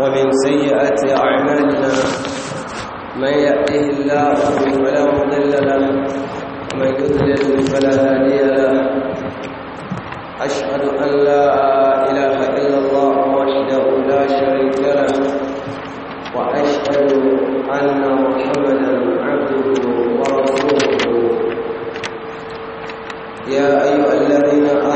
ومن سيئات أعمالنا من يأتيه الله فلا مضل له ومن يضلل فلا هادي له أشهد أن لا إله إلا الله وحده لا شريك له وأشهد أن محمدا عبده ورسوله يا أيها الذين آمنوا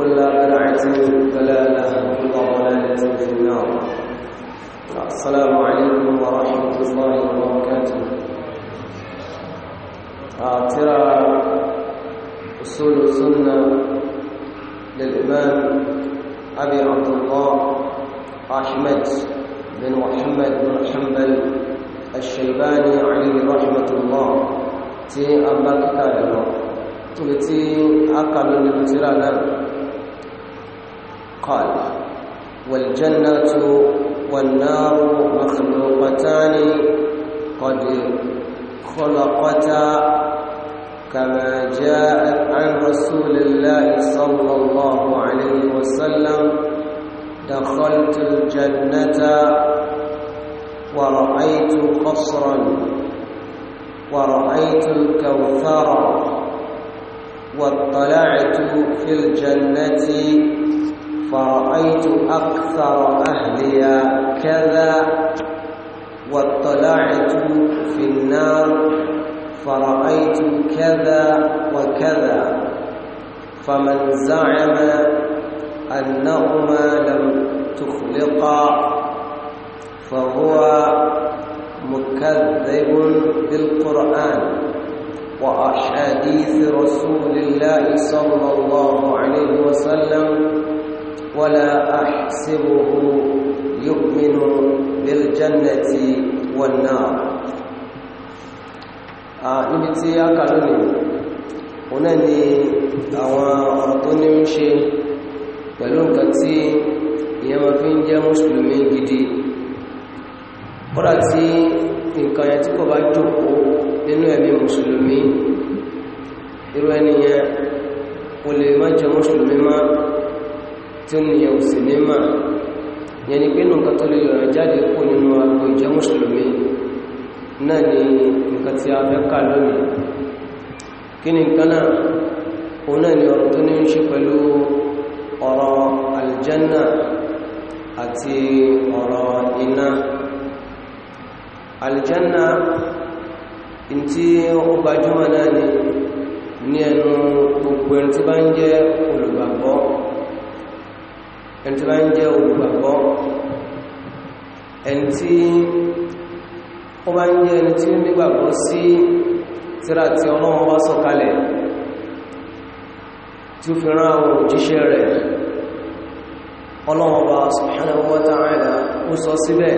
وكل بدعة ضلالة وكل في النار السلام عليكم ورحمة الله وبركاته أعترى آه، أصول السنة للإمام أبي عبد الله أحمد بن محمد بن حنبل الشيباني عليه رحمة الله تي أبا كتاب الله تبتي أقل من ترى قال والجنة والنار مخلوقتان قد خلقتا كما جاء عن رسول الله صلى الله عليه وسلم دخلت الجنة ورأيت قصرا ورأيت الكوثر واطلعت في الجنة فرأيت أكثر أهلي كذا واطلعت في النار فرأيت كذا وكذا فمن زعم أنهما لم تخلقا فهو مكذب بالقرآن وأحاديث رسول الله صلى الله عليه وسلم ولا أحسبه يؤمن بالجنة والنار níbi tí a kà lónìí òun náà ni àwọn ọ̀rọ̀ tó ní ń ṣe pẹ̀lú nǹkan tí ìyẹn ma fi ń jẹ́ mùsùlùmí gidi kọ́dà tí nǹkan yẹn tí kò bá jókòó nínú ẹ̀mí mùsùlùmí irú ẹni yẹn kò lè má jẹ́ mùsùlùmí tí ó níyẹ òsì ní mà yẹn ni pé nǹkan tó lè yọ̀rọ̀ jáde kó nínú agbo ìjẹ́ mùsùlùmí náà ni nǹkan tí a fẹ́ kà lónìí kí ni nǹkan náà òun náà ni ọ̀rọ̀ tó ní ń ṣe pẹ̀lú ọ̀rọ̀ aljanna àti ọ̀rọ̀ iná aljanna ntí ó gbajúmọ̀ náà ni ní ẹnu gbogbo ẹni tí bá ń jẹ́ olùgbàgbọ́ ẹni tí bá ń jẹ́ olùgbàgbọ́ ẹni tí ó bá ń jẹ́ ẹni tí ó nígbàgbọ́ sí tírà tí ọlọ́run bá sọ̀kalẹ̀ tí ó fi rán àwọn òjíṣẹ́ rẹ̀ ọlọ́run bá subhanahu wa ta'ala ó sọ síbẹ̀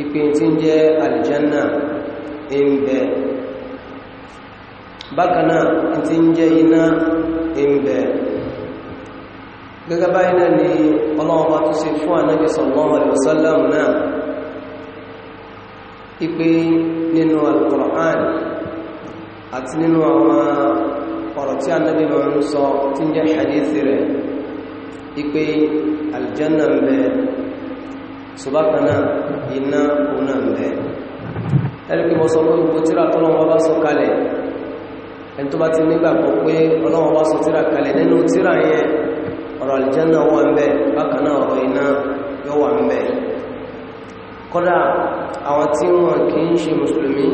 ìpín tí ń jẹ́ àlìjánà ń bákanáà tí ń jẹ́ iná gẹ́gẹ́ báyìí náà ni ọlọ́ọba tó ṣe fún na sallallahu alaihi náà ipé nínú sọ tí ń jẹ́ hadithi rẹ̀ ipé aljanna sọ ẹni tó bá ti nígbàgbọ́ pé ọ̀rọ̀ àlìjánà wà ń bẹ̀ bákan náà ọ̀rọ̀ iná yóò wà ń bẹ̀ kọ́dà àwọn tí wọ́n kì í ṣe mùsùlùmí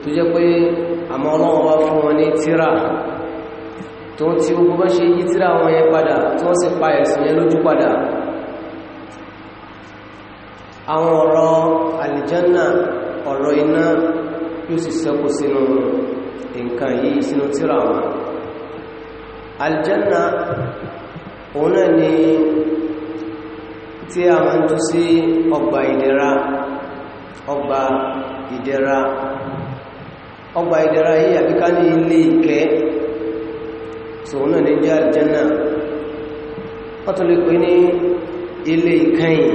tó jẹ́ pé àmọ́ ọlọ́wọ́ bá fún wọn ní tíra tó ti gbogbo bá ṣe yí tíra wọn yẹn padà tí sì pa ẹ̀sìn yẹn lójú padà àwọn ọ̀rọ̀ àlìjánà ọ̀rọ̀ iná yóò sì sẹ́kù sínú nǹkan yìí sínú tíra wọn àlìjánà òun náà ni tí a máa ń tú sí ọgbà ìdẹ̀ra ọgbà ìdẹ̀ra ọgbà ìdẹ̀ra yìí àbíká ní ilé ìkẹ́ sòun náà ní jẹ́ àlìjẹ́nà wọ́n lè pè ní ilé ìkẹyìn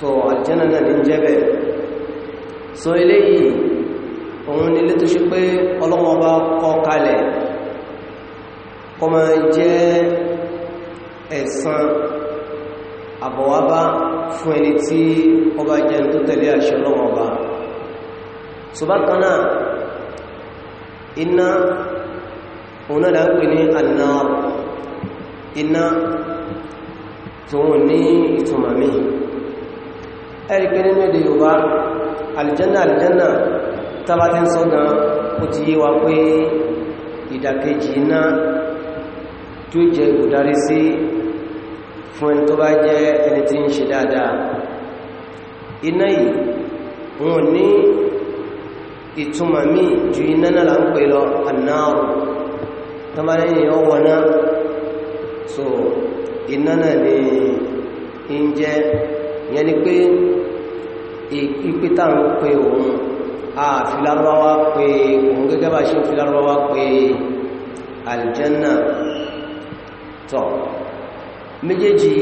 so àlìjẹ́nà náà ní jẹ́ bẹ́ẹ̀ so eléyìí òun ni ilé tó ṣe pé ọlọ́wọ́ bá kọ́ kalẹ̀ kọmọ jẹ́ ẹ̀san àbọ̀wábá fún ẹni tí ọba jẹ́ tó tẹ̀lé àṣẹ ọba iná òun náà dágbé ní annar iná tó wọ́n ní ìtumà mí nínú èdè Yorùbá aljanna aljanna tàbátí ó ti pé ìdàkejì tí ó jẹ́ olùdarí sí fún ẹni tó bá jẹ́ ẹni tí ń ṣe dáadáa iná yìí wọn ní ìtumọ̀ míì ju iná náà ń pè lọ anáàrù tó bá lẹ́yìn ọwọ́ so iná náà ní ń jẹ́ ìyẹn ni pé ìpè tá à ń pè òun àfilárọ́wá pé òun gẹ́gẹ́ bá ṣe ń filárọ́wá pé aljanna tọ́ méjèèjì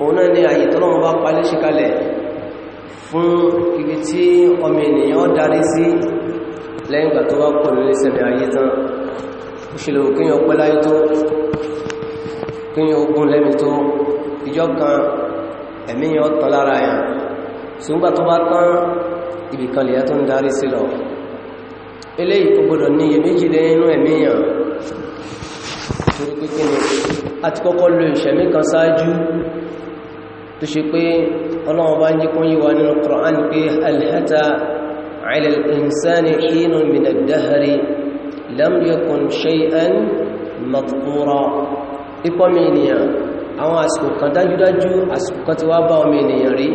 òun náà ni àyè tọ́lọ́wọ́n bá palé ṣe kalẹ̀ fún ibi tí ọmọ ènìyàn darí sí lẹ́yìn ìgbà tó bá pọ̀ lórí ìsẹ̀mì ayé tán òṣèlè òkèyàn pẹ́ láyé tó kíyàn ogun lẹ́mi tó ìjọ kan ẹ̀mí yàn tán lára yàn ṣùgbà tó bá tán ibìkan lè tó ń darí sí lọ eléyìí kò gbọdọ̀ ní iyèméjì lẹ́yìn inú ẹ̀mí torí pé kíni a ti kọ́kọ́ lo ìṣẹ̀mí kan sáájú tó ṣe pé ọlọ́wọ́ bá ń jí kún yíwa nínú Qur'an pé alhata ala al-insani hinun min ad-dahri lam yakun shay'an madhkura ipọ́ mi ènìyàn àwọn àsìkò kan dájúdájú àsìkò kan ti wá bá ọmọ ènìyàn rí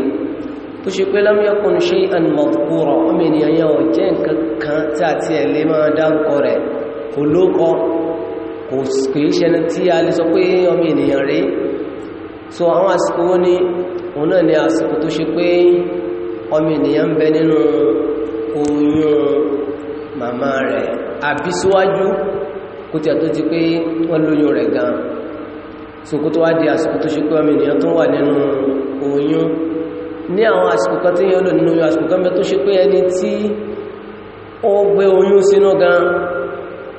tó ṣe pé lam yakun shay'an ọmọ ènìyàn yẹn ò jẹ́ nǹkan kan tí àti ẹ̀lẹ́ máa dárúkọ rẹ̀ kò lókọ́ kò kìí ṣe ẹni tí a lè sọ pé ọmọ ènìyàn rí so àwọn àsìkò wọ́n ní òun náà ni àsìkò tó ṣe pé ọmọ ènìyàn ń bẹ nínú oyún màmá rẹ̀ àbí síwájú kó tí a tó ti pé wọ́n lóyún rẹ̀ gan so kó tó wá di àsìkò tó ṣe pé ọmọ ènìyàn tó wà nínú oyún ní àwọn àsìkò kan tí yẹn lò nínú oyún àsìkò kan bẹ tó ṣe pé ẹni tí ó gbé oyún sínú gan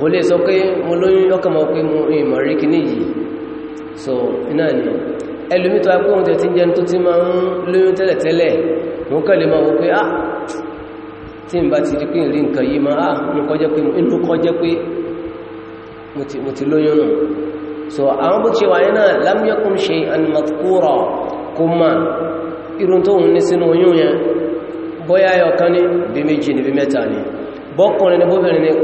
kò lè sọ pé mo lóyún ọkàn pé mo so náà ni ẹlòmí agbóhun tẹ̀ tí ń jẹun tó ti máa ń lóyún tẹ́lẹ̀tẹ́lẹ̀ mo kàn lè máa wọ pé ah tí n bá ti rí pé n rí nǹkan yìí ah inú kọjẹ́ pé mo ti so àwọn bó ṣe wà ní náà lam yakun kó irun tó ń ní sínú oyún yẹn kan ní bí méjì ní bí mẹ́ta ní bọ́kùnrin ní bóbìnrin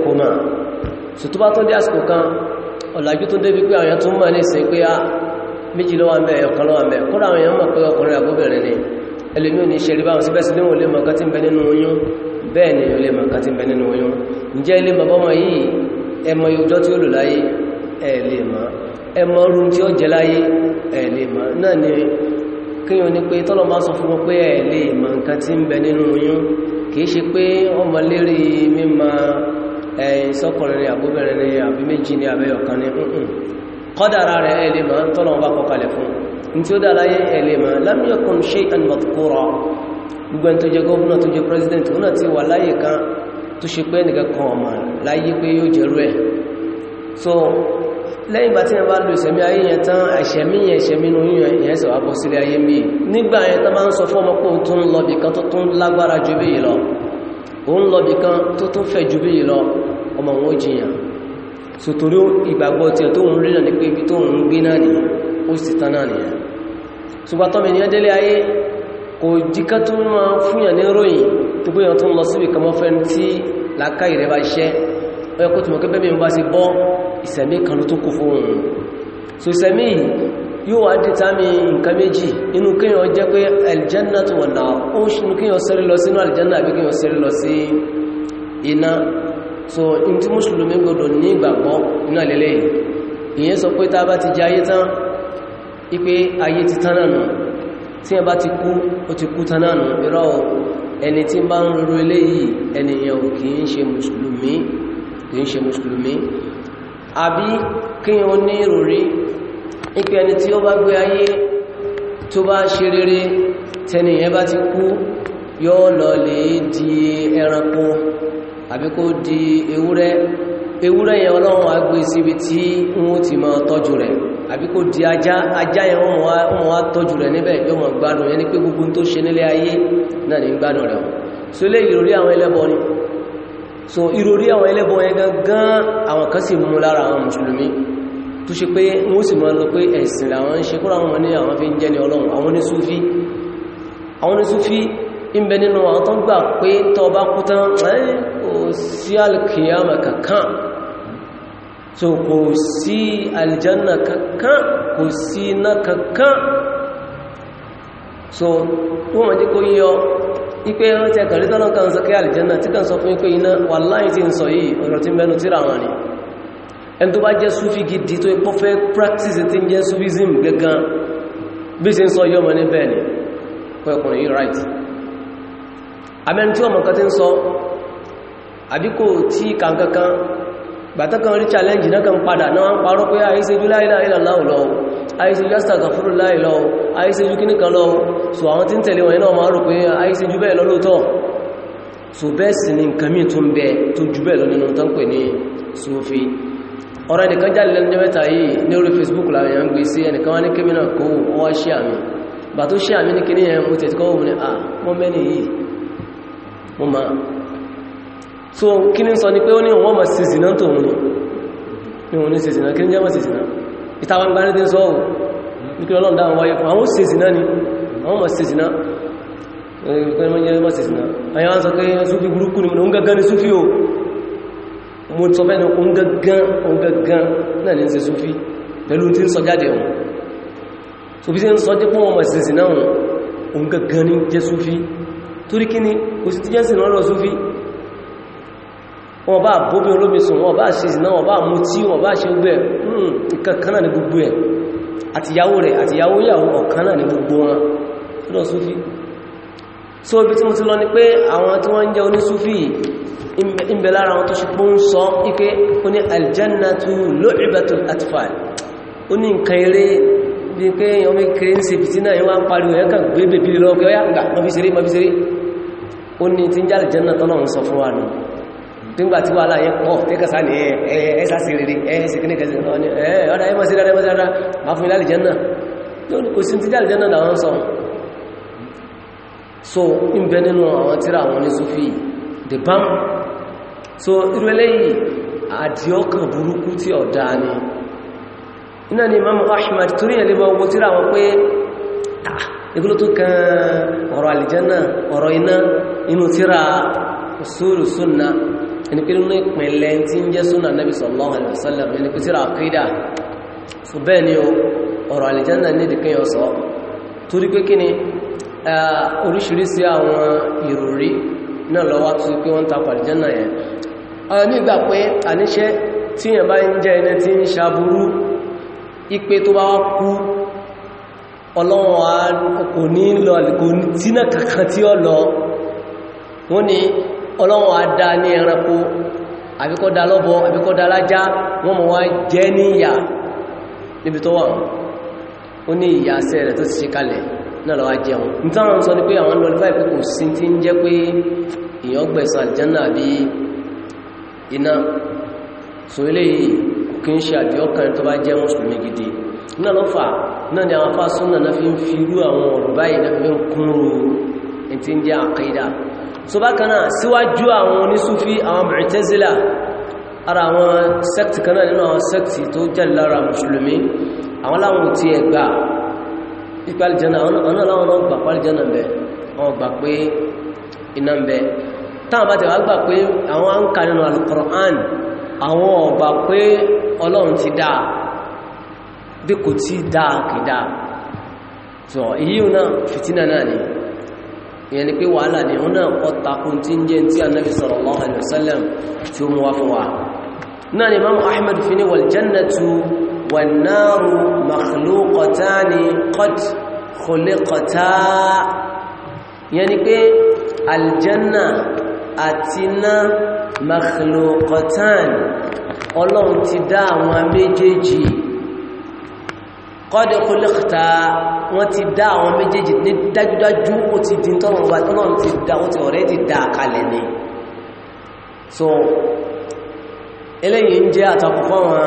so to bá tán kan ọ̀làjú tó débi pé àwọn tó mọ̀ ní ìsìn pé a ah, méjì lọ́wọ́ mẹ́ ọ̀kan lọ́wọ́ mẹ́ kódà àwọn èèyàn mọ̀ pé ọkùnrin àgbóbìnrin ni ẹlòmí ò ní ṣe rí báwọn síbẹ̀sí níwọ̀n lè ni ò lè mọ̀ká tí ń bẹ nínú oyún ǹjẹ́ ilé bàbọ́mọ yìí ẹmọ ìjọ tí ó lò láyé ẹ̀ lè mọ̀ ẹmọ ni ma sọ ẹ̀yìn sọ́kùnrin ni àbúbẹ̀rẹ̀ ni àbí méjì ni àbẹ́yọ̀kan ni kọ́dàrà rẹ̀ ẹ̀lẹ́ ma ń tọ́lọ̀ bá kọkalẹ̀ fún ní tí ó dára yẹ ẹ̀lẹ́ ma lámíọ̀kùn ṣe ẹn mọ̀tíkúrọ̀ gbogbo ẹni tó jẹ gómìnà tó jẹ president ó náà ti wà so lẹ́yìn bá tí wọ́n bá lo ìṣẹ̀mí ayé yẹn tán ẹ̀ṣẹ̀mí yẹn ẹ̀ṣẹ̀mí inú yẹn ṣe wà bọ́ sílé ayé mi nígbà yẹn tán bá òun lọ bí kan tó tún fẹ̀ jù bí yìí lọ ọmọ wọn jìyàn sòtòrí ìgbàgbọ́ tí ẹ tó ń rí náà ní pé ibi tó ń gbé náà nìyàn ó sì tán náà nìyàn ṣùgbọ́n ní ẹdẹ́lé ayé kò jíká tó máa fúnyàn ní ròyìn tó pé yàn tó ń lọ síbi yóò wá dìtàmì nǹkan méjì inú kíyàn jẹ́ pé aljanna tó wọ̀n náà ó ṣínú kíyàn sẹ́rí lọ sínú aljanna àbí kíyàn sẹ́rí lọ sí iná so in tí mùsùlùmí gbọdọ̀ ní ìgbàgbọ́ iná lélẹ̀ ìyẹn sọ pé tá bá ti jẹ ayé tán ipé ayé ti tán náà tí ẹ bá ti kú ó ti kú tán náà irọ́ ẹni tí bá kíyàn ní ìròrí ipe ẹni tí ó bá gbé ayé tó bá ṣe rere tẹni ẹ bá ti kú yóò lọ lè di ẹranko àbí kó di ewúrẹ́ ewúrẹ́ yẹn ọlọ́run á gbé síbi tí wọ́n ti máa tọ́jú rẹ̀ àbí kó di ajá ajá yẹn wọ́n mọ̀ wá tọ́jú rẹ̀ níbẹ̀ yóò mọ̀ gbádùn yẹn ni pé gbogbo tó ṣe nílé ayé náà ní gbádùn rẹ̀ so lé ìròrí àwọn ẹlẹ́bọ ni so ìròrí àwọn ẹlẹ́bọ yẹn gangan àwọn kan sì mú lára àwọn mùsùlùmí tó ṣe pé wọ́n sì máa lọ pé ẹ̀sìn làwọn ń ṣe kúrò àwọn ní àwọn fi ń jẹ́ ní ọlọ́run àwọn ní súfí àwọn ní súfí ń bẹ nínú àwọn tó gbà pé tó bá kú tán ò sí alkiyama kankan so kò sí aljanna kankan kò sí iná kankan so wọ́n mọ̀ jẹ́ kó yíyọ ipe ẹran tí ẹkàrí ẹni tó bá jẹ́ súfí gidi tó ipọ́ fẹ́ practice tí ń jẹ́ súfism gẹ́gan bí ṣe ń sọ yọ́mọ ní bẹ́ẹ̀ ni pẹ́kùnrin yìí right amẹ́ni tí ọmọ kan ti ń sọ àbí kò tí kankankan gbàtọ́kan rí challenge náà kan padà náà ń parọ́ pé àìsíjú láìláìlá so bẹ́ẹ̀ sì ni nǹkan mí tó ń bẹ tó jù bẹ́ẹ̀ lọ nínú tán pè ní Sufi ọ̀rọ̀ ẹnìkan jáde lẹ́nu mẹ́ta yìí ní orí Facebook láwọn èèyàn gbé sí ẹnìkan wá ní kémi náà kó wá ṣí àmì bà tó ṣí àmì ní kíní yẹn mo tẹ̀síkọ́ òun ni ah wọ́n mẹ́ni yìí mo ma so kíní sọ ni pé ó ní wọ́n ma ṣe ìsìná tó òun ni òun ní ṣe ìsìná sọ òun ní sọ pé súfì burúkú ni mo ń gẹ́gẹ́ ni súfì o mo sọ fẹ́ ní oúngangan oúngangan náà ní ṣe súfí pẹ̀lú tí ń sọ jáde wọn so bí tí ń sọ dípọ̀ wọn mọ̀ sínsìn náà oúngangan ní jẹ́ súfí torí kí ni kò sí tí jẹ́ sí lọ́rọ̀ súfí wọn bá bóbi olómi sùn wọn bá ṣe ìsìn hmm, náà wọn bá mú tí wọn bá ṣe gbẹ̀ kankan náà ní gbogbo so ibi tí mo ti lọ ni pé àwọn tí wọ́n ń jẹ́ onísúfì ìbẹ̀ lára àwọn tó ṣe pọ́ ń sọ ike ó ní aljannatu lu'batul atfal ó ní nǹkan eré bí pé ọmọ kéré ń ṣe fìtí náà yíwá ń pariwo ẹ̀kà gbé bèbí lọ́wọ́ pé ọyá gbà mọ́bí seré mọ́bí seré ó ní tí ń jẹ́ aljanna tọ́nà ń sọ fún wa nù nígbà tí wàhálà yẹn pọ̀ tẹ́kàsá ní ẹ̀ẹ́sà sí rere ẹ̀ẹ́sì kí ní kẹsì ọ̀dá ẹ̀mọ́ sí so ń bẹ nínú àwọn tíra àwọn ní sufi the bam so irú eléyìí àdíọ́kàn burúkú tí ọ̀dá ni iná ni imam ahmad torí ẹ̀ lè bọ́ owó tíra wọn pé ìgbóló tó kan ọ̀rọ̀ àlìjánà ọ̀rọ̀ iná inú tíra usulu súnna ẹni pé nínú ìpínlẹ̀ tí ń jẹ́ súnna nabi sallallahu alaihi wasallam ẹni pé tíra àkídà so bẹ́ẹ̀ ni ọ̀rọ̀ ni ní ìdíkẹ́yọ̀ sọ torí pé kí ni oríṣiríṣi àwọn ìròrí náà lọ́wọ́ tó pé wọ́n ta pàdìjánà yẹn ọ̀rọ̀ nígbà pé àníṣẹ́ tí yẹn bá ń jẹ́ ẹni tí ń ṣàbúrú ipé tó bá kú ọlọ́wọ́n kò ní lọ kò tí náà kankan tí ó lọ wọ́n ni ọlọ́wọ́n á dá ní ẹranko àbíkọ́ dá lọ́bọ àbíkọ́ dá lájá wọ́n mọ̀ wá jẹ́ ní ìyà níbi tó wà ó ní ìyà sẹ́rẹ̀ tó ti ṣe kalẹ̀ náà lọ́wọ́ jẹun ní táwọn sọ ní pé àwọn lọ́lọ́fà ìpé kò sí tí ń jẹ́ pé èèyàn gbẹ̀sán àjẹ́nà àbí iná so ilé kí ń ṣe àbí ọkàn tó bá jẹ́ mùsùlùmí gidi náà ló fà náà ni àwọn fásúnà náà fi ń fi irú àwọn ọ̀rọ̀ báyìí náà fi ń kúnrò tí ń jẹ́ àkídà so bákan náà síwájú àwọn onísúfí àwọn Mu'tazila ara àwọn ipa alìjẹ́nà ọ̀nà láwọn náà gbà pàlìjẹ́nà bẹ̀ wọ́n gbà pé iná bẹ̀ táwọn bá ti wá gbà pé àwọn á ń ka nínú Al-Qur'an àwọn ọ̀gbà pé ọlọ́run ti dáa bí kò tí dáa kì dáa so èyí náà fìtínà náà ni ìyẹn ni pé wàhálà ni wọ́n náà ọ̀takùn tí ń jẹ́ tí Ànábì sallallahu alaihi wasallam tí ó mú wá fún wa náà ni Imam Ahmad fi ní wal jannatu والنار مخلوقتان قد خلقتا يعني pé aljanna àtiná makhluqatan ọlọ́run ti dá قد خلقتا qad khulqta wọ́n ti dá àwọn méjèèjì ní dájúdájú ó ti di tọ́rọ̀ wà tọ́rọ̀ ti dá ó ti ọ̀rẹ́ ti dá kalẹ̀ ni so eléyìí ń jẹ́ àtàkùn fáwọn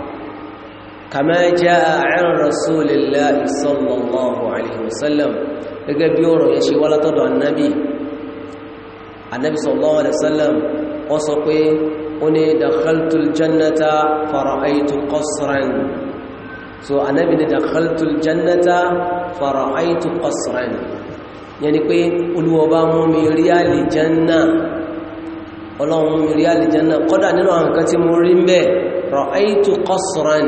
كما جاء عن رسول الله صلى الله عليه وسلم bí ọ̀rọ̀ يشي ولا wá النبي النبي صلى الله عليه وسلم sallam أني دخلت الجنة فرأيت ní so annabi ní dakhaltul jannata fara'aytu qasran yẹni pé olúwọba mú mi rí àlìjánná ọlọ́run mú mi rí àlìjánná kọ́dà nínú àwọn nǹkan tí mo rí mẹ́ ra'aytu qasran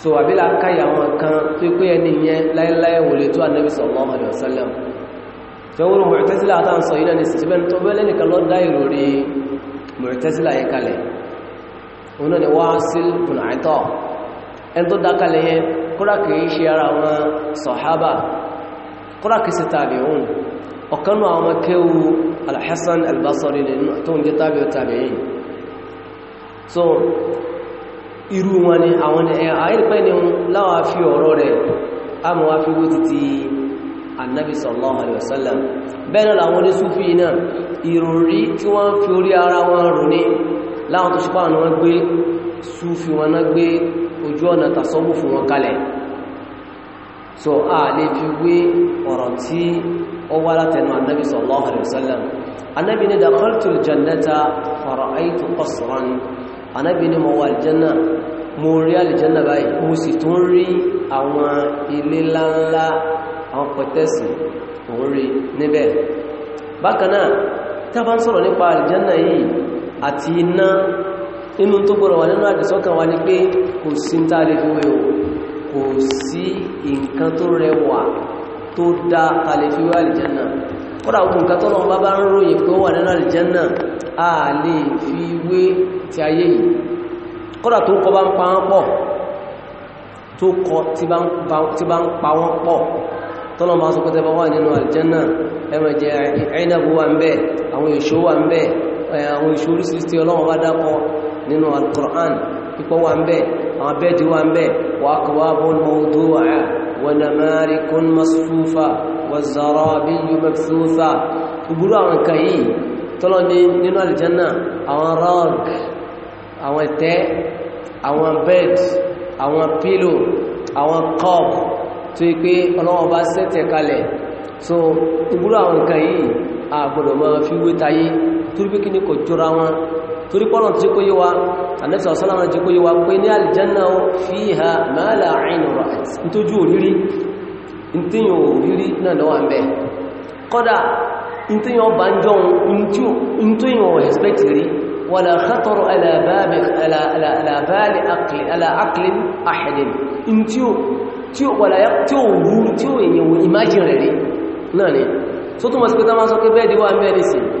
so àbílà káyà àwọn kan tó pé ẹni yẹn láíláí wòlé tó ànábì sallallahu alaihi wasallam fẹ́wọ́n Mu'tazila àtàn sọ yìí náà ní sísíbẹ́ tó bẹ́ lẹ́nìkan lọ dá ìròrí Mu'tazila yẹn kalẹ̀ òun náà ni Wasil ibn Ata ẹni tó dá kalẹ̀ yẹn kódà kìí ṣe so irú wọn ni àwọn àìrípẹ́ ni láwá fi ọ̀rọ̀ rẹ̀ a mọ̀ wá fi wó títí annabi sallallahu alaihi wasallam bẹ́ẹ̀ náà àwọn onísúfí náà ìròrí tí wọ́n fi orí ara wọn rò ní láwọn tó ṣípa àwọn gbé súfí wọn náà gbé ojú ọ̀nà tàṣọ́bù fún wọn kalẹ̀ so a lè fi wé ọ̀rọ̀ tí ó wá látẹnu annabi sallallahu alaihi wasallam annabi ni dakhaltul jannata anábì ni mo wà aljanna mo rí aljanna báyìí mo sì tún rí àwọn ilé ńláńlá àwọn pẹ̀tẹ́sì òun rí níbẹ̀ bákanáà tí a bá ń sọ̀rọ̀ nípa aljanna yìí àti iná inú tó gbọ́rọ̀ wà nínú àdìsọ́kàn wa ni pé kò sí ń tá lè fi wé o kò sí nǹkan tó dá kalẹ̀ fi wá alìjẹ́nà kódà òkú nǹkan tọ́lọ bá bá ń ròyìn pé wà nínú alìjẹ́nà a lè fi wé ti ayé yìí kódà tó kọ bá ń pa wọ́n pọ̀ tó kọ tí bá ń pa wọ́n pọ̀ tọ́lọ bá ń bẹ̀ àwọn wà nínú al ونمارك مصفوفة والزرابي مبثوثة يقولوا عن كي طلعوا نينو الجنة عن راك عن تاء عن بيت عن بيلو عن قاب تيكي الله باسيت يكالي so ìgbúrò àwọn nǹkan yìí àgbọ̀dọ̀ máa fi wé tayé torí pé kí ní wọn torí pọ́nà tí kó yíwa anẹ́sà ọ̀sánàmà tí kó yíwa pé ní aljanna fiha ma la ainu ra'at ní tó jú òrírí ìtíyàn òrírí náà lọ́wà mẹ́ kọ́dà ìtíyàn bá ń jọun ìtíyàn expect rí wala khatar alàbáàlì àkìlín àhìlín tí ó wù tí ó èyàn imagine rẹ̀ rí náà ni so túnmọ̀ sí pé tá máa sọ bẹ́ẹ̀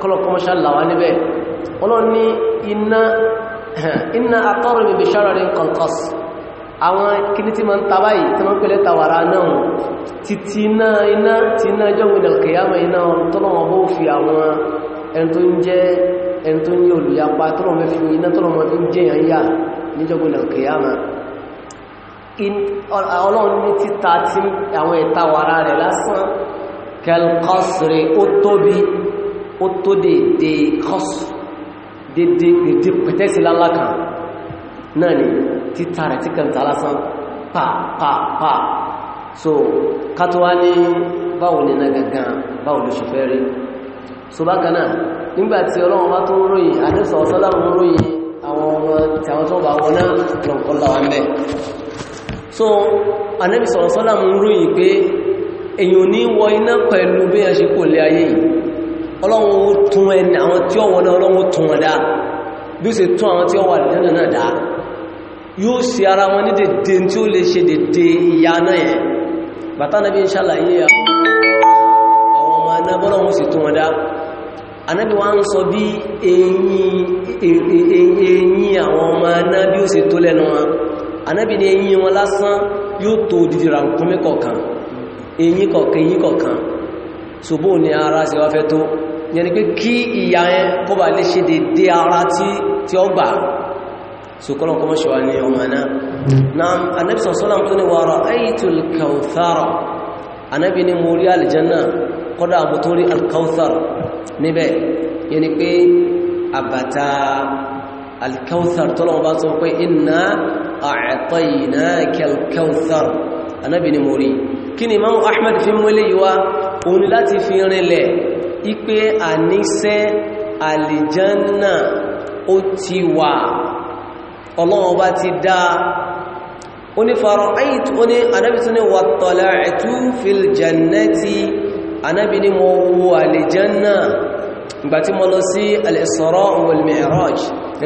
kọlọ̀kọmọ́ṣà làwà níbẹ̀ ọlọ́run ní iná iná akọ́rùn ibi ṣárarin kọ̀ǹkọ́s àwọn kìlí tí ma ń ta báyìí tí wọ́n pẹ̀lẹ̀ tàwàrà náà ti ti iná iná ti iná jọ́wìn alkiyama iná tọ́lọ̀wọ́ bó fi àwọn ẹni tó ń jẹ́ ẹni tó ń yẹ olùyapa tọ́lọ̀wọ́ fi iná tọ́lọ̀wọ́ fi ń jẹ́ ó tó dèdè kọ́sù dèdè dèdè pẹ̀tẹ́sì lálá kan náà ni títà rẹ̀ tí kẹta lásán pa pa pa so kátọ́wá ní báwo ní na gangan báwo ló ṣe rí so bákaná nígbàtí ọlọ́run bá tó ń ròyìn àdẹ́sọ̀ ọ̀sọ́lọ́run ròyìn àwọn ọmọ tí àwọn tó bá wọn náà lọ́nkọ́lá wa mẹ́ so anẹ́bìsọ̀ ọ̀sọ́lọ́run ròyìn pé èyàn ní wọ iná pẹ̀lú bí a ṣe kò lé ayé yìí ọlọ́run ó tún ẹni àwọn tí ó wọ́n náà ọlọ́run ó tún wọn dáa bí ó sì tún àwọn tí ó wà lẹ́nà náà dáa yóò sí ara wọn ní dèdè tí ó lè ṣe dèdè ìyá náà yẹn bàtà nàbí ń ṣàlàyé àwọn ọmọ anábọ́lọ́ wọn sì tún wọn dáa anábí wa ń sọ bí e, e, e, ṣòbó ni ara ṣe wá fẹ́ tó yẹni pé kí ìyá yẹn kó bá lè ṣe dédé ara tí ó gbà ṣùkọ́lọ̀ kọmọ́ ṣe wá ní ọmọ náà na anẹ́bìsàn sọ́lá tó ní wa ra'aytul kawthar anẹ́bì ni mo rí alìjẹ́nà kọ́dá mo tó rí alkawthar níbẹ̀ yẹni pé kí ni Imam Ahmad fi mú eléyìí wá òun ni láti fi rinlẹ̀ ipé àníṣẹ́ àlìjánà ó ti wà ọlọ́wọ́ bá ti dá ó ní fara ayìtú ó ní anábi tó ní wà tọ́lá ẹ̀tú fil jannati anábi ni mo wo àlìjánà ìgbàtí mo lọ sí al-Isra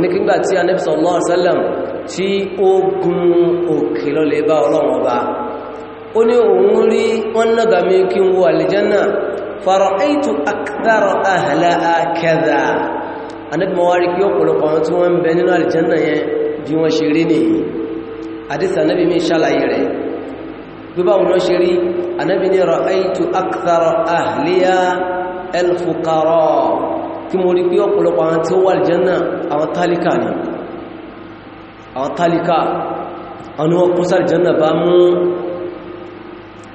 ní kígbà tí anábi sallallahu alaihi wasallam tí ó gun òkè lọ ọlọ́wọ́ bá ó ní òun rí wọ́n nága mi kí n wo aljanna faraitu akthara ahlaha kadha anẹ́bìmọ̀ wá rí kí ọ̀pọ̀lọpọ̀ àwọn tí wọ́n ń bẹ nínú aljanna yẹn bí wọ́n ṣe rí nìyí àdísà anẹ́bì mi ṣàlàyé rẹ̀ gbígbà wọn ṣe rí anẹ́bì ní ra'aitu akthara ahliya al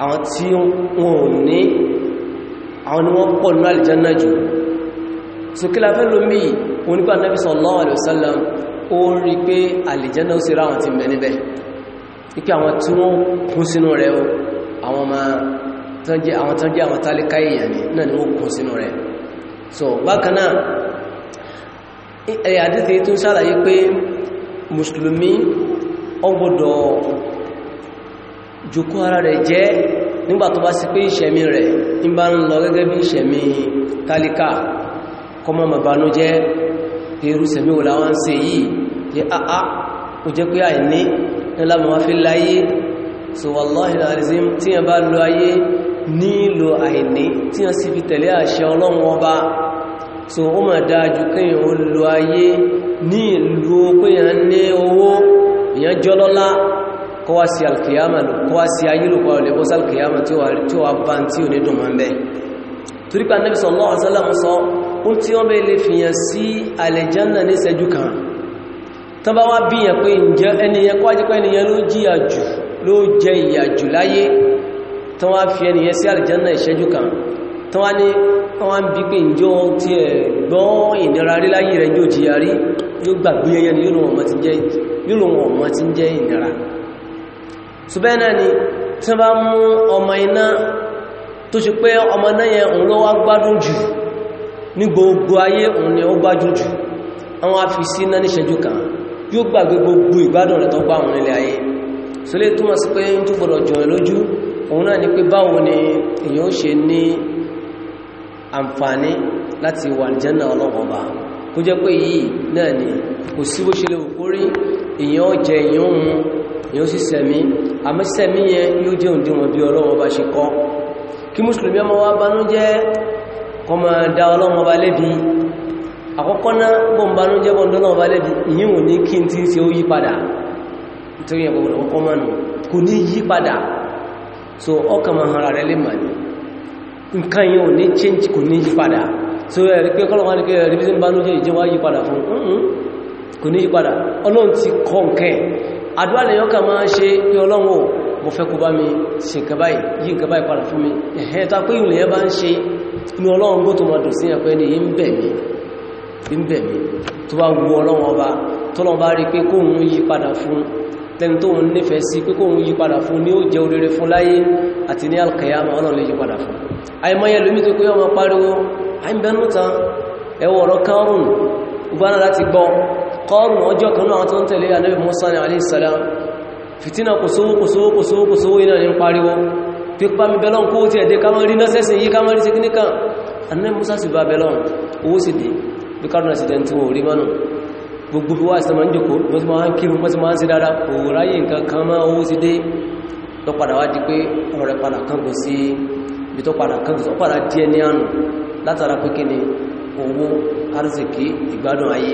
àwọn tí wọn ò ní àwọn ni wọ́n pọ̀ nínú àlìjánná jù so kí la fẹ́ ló mí òun nípa Nabi sallallahu alaihi wasallam ó rí pé àlìjánná ó sì rá àwọn ti mẹ́ níbẹ̀ ipé àwọn tí wọ́n kún sínú rẹ̀ àwọn ọmọ tán jẹ́ àwọn tán jẹ́ àwọn tálíká èèyàn ní náà ni ó kún sínú rẹ̀ so bákanáà ẹ̀yà àdíte jùkú ara rẹ̀ jẹ́ nígbà tó bá sí pé ìṣẹ̀mí rẹ̀ ń bá ń lọ gẹ́gẹ́ bí ìṣẹ̀mí tálíkà kọmọ mọ̀bánú jẹ́ irúsẹ̀mí wò láwọn ń ṣe yìí jẹ́ àá ah, ah, ó jẹ́ pé àìní nílámọ̀ wá fi láyé so wallahi alazim tí yẹn bá lo lo ayé ní ìlú pé yẹn kọwa sí alkiyama lò kọwa sí ayé lò kọwa lè bọ́ sí alkiyama tí ó wà bá tí ò ní dùn mọ́ bẹ́ torí pa Nabi sallallahu alaihi wasallam sọ ó tí wọ́n bẹ́ lè fìyàn sí aljanna ní ṣẹ́jú kan tó bá wá bí yẹn pé ǹjẹ́ ẹniyàn kọ́ ajípa ẹniyàn ló jíyà jù ló jẹ ìyà jù láyé tó wá fi ẹniyàn bí pé ǹjọ́ ti ẹ̀ gbọ́n ìnira rí láyé rẹ̀ yóò jìyà rí yóò gbàgbé ẹyẹ ni yóò lòun ọmọ ti ń jẹ́ ìnira so bẹ́ẹ̀ náà ni tí wọ́n bá mú ọmọ iná tó ṣe pé ọmọ náà yẹn òun ló wá gbádùn jù ní gbogbo ayé òun ni ó gbádùn jù àwọn afi sí iná ní ìṣẹ́jú kan yóò gbàgbé gbogbo ìgbádùn rẹ̀ tó gbá òun nílé ayé so lè túnmọ̀ sí pé ń tó gbọdọ̀ jọ lójú òun náà ni pé báwo ni èyàn ó ṣe ní àǹfààní láti wà ní jẹ́nà ọlọ́kọ̀ọ́bà kó jẹ́ pé yìí náà ni kò sí bó ṣe lè kórí èyàn jẹ èyàn ó yóò sì sẹ̀mí àmẹ́sẹ̀mí yẹn yóò jẹ́ òǹdíwọ̀n bí ọlọ́wọ́ bá ṣe kọ́ kí mùsùlùmí ọmọ wa bánújẹ́ kó máa dá ọlọ́wọ́ bá lẹ́bi àkọ́kọ́ náà bọ́n bánújẹ́ bọ́n dọ́lọ́wọ́ bá lẹ́bi ìyíwò so ọkà máa hàn rẹ̀ lè change kò ní so ẹ̀rí pé kọ́lọ̀ wọn ni pé ẹ̀rí bí sí ń bánújẹ́ ìjẹ́wà yípadà fún àdúrà lèyàn kà máa ṣe pé ọlọ́run ò mo fẹ́ kó bá mi ṣe nǹkan báyìí yí nǹkan báyìí padà fún mi ẹ̀hẹ́ tó pé ìlú yẹn bá ń ṣe inú ọlọ́run gbó tó máa dùn sí ẹ̀pẹ́ ni ń bẹ̀ mí ń bẹ̀ mí tó bá wu ọlọ́run ọba tọ́lọ́run bá rí pé kóun yí ọ̀rọ̀ kárùn-ún gbáná láti gbọ́ kọrùn ọjọ́ kan náà tó ń tẹ̀lé anábi musa ní alaihissalam fitina kòsówó kòsówó kòsówó kòsówó iná ní pariwo pípa mi belon kó tí ẹ̀dẹ́ kamar rí nọ́sẹ̀sìn yí kamar rí teknika anábi musa sì bá belon owó sì dé bí kárùn àṣìdẹ̀ntì wọn rí mánà gbogbo bí wá ìsìnmà ń jòkó wọ́n ti máa ń kírun wọ́n ti máa ń sí dáadáa kò ráyè nǹkan kan máa owó látara pé kí ni owó arziki ìgbádùn ayé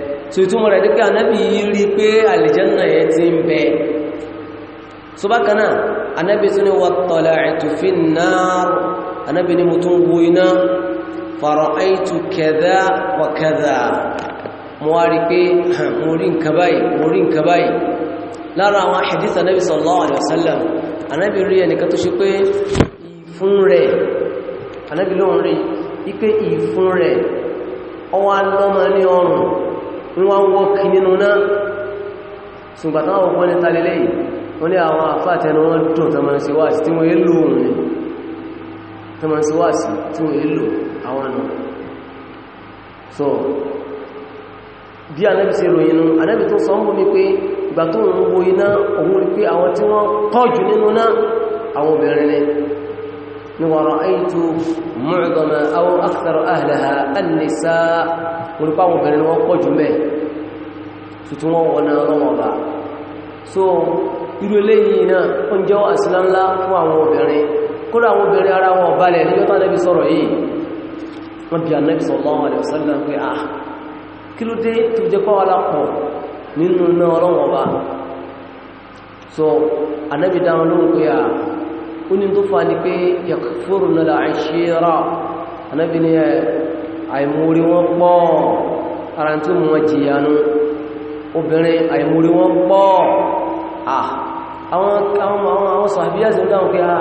tí ó túnmọ̀ rẹ̀ dípé anábì yìí rí pé àlìjánà yẹ ti ń bẹ so bákaná anábì tí ni wattala'tu fin nar anábì ni mo tún wo iná fara'aytu kadha wa kadha mo wá rí pé mo rí nǹkan báyìí mo rí nǹkan báyìí lára àwọn hadith anábì sallallahu alaihi wasallam anábì rí ẹnìkan wọ́n wọ́n kí nínú náà ṣùgbàtà àwọn ọkọ̀ ní talilé yìí wọ́n ní àwọn àfáàtẹnu wọ́n dùn tamansiwasi tí wọ́n yílò òun ni tamansiwasi tí wọ́n yílò àwọn nù so bí anábi ṣe ròyìn nù anábi tó sọ mú ní pé ìgbà tó ń wo iná òun rí pé àwọn tí wọ́n pọ̀jù nínú náà àwọn obìnrin ni ni wọ́n rọ̀ orí pàwọn obìnrin wọn pọ̀ jù mẹ́ tuntun wọn wọná ọlọ́wọ̀n bá so irú eléyìí náà ó ń jẹ́wọ́ àsìlá ńlá fún àwọn obìnrin kódà àwọn obìnrin ara wọn balẹ̀ ní yọ́tà nẹ́bí sọ̀rọ̀ yìí wọ́n bí anẹ́bí sallallahu ah kí ló dé tó jẹ́ pọ́ alápọ̀ nínú iná ọlọ́wọ̀n so anẹ́bí dáhùn lóhùn pé ah ó ní tó fa ni pé àìmórí wọn pọ̀ ara tí mọ́ jìyànú obìnrin àìmórí wọn pọ̀ àwọn sàbíyà sí ọdá òkè à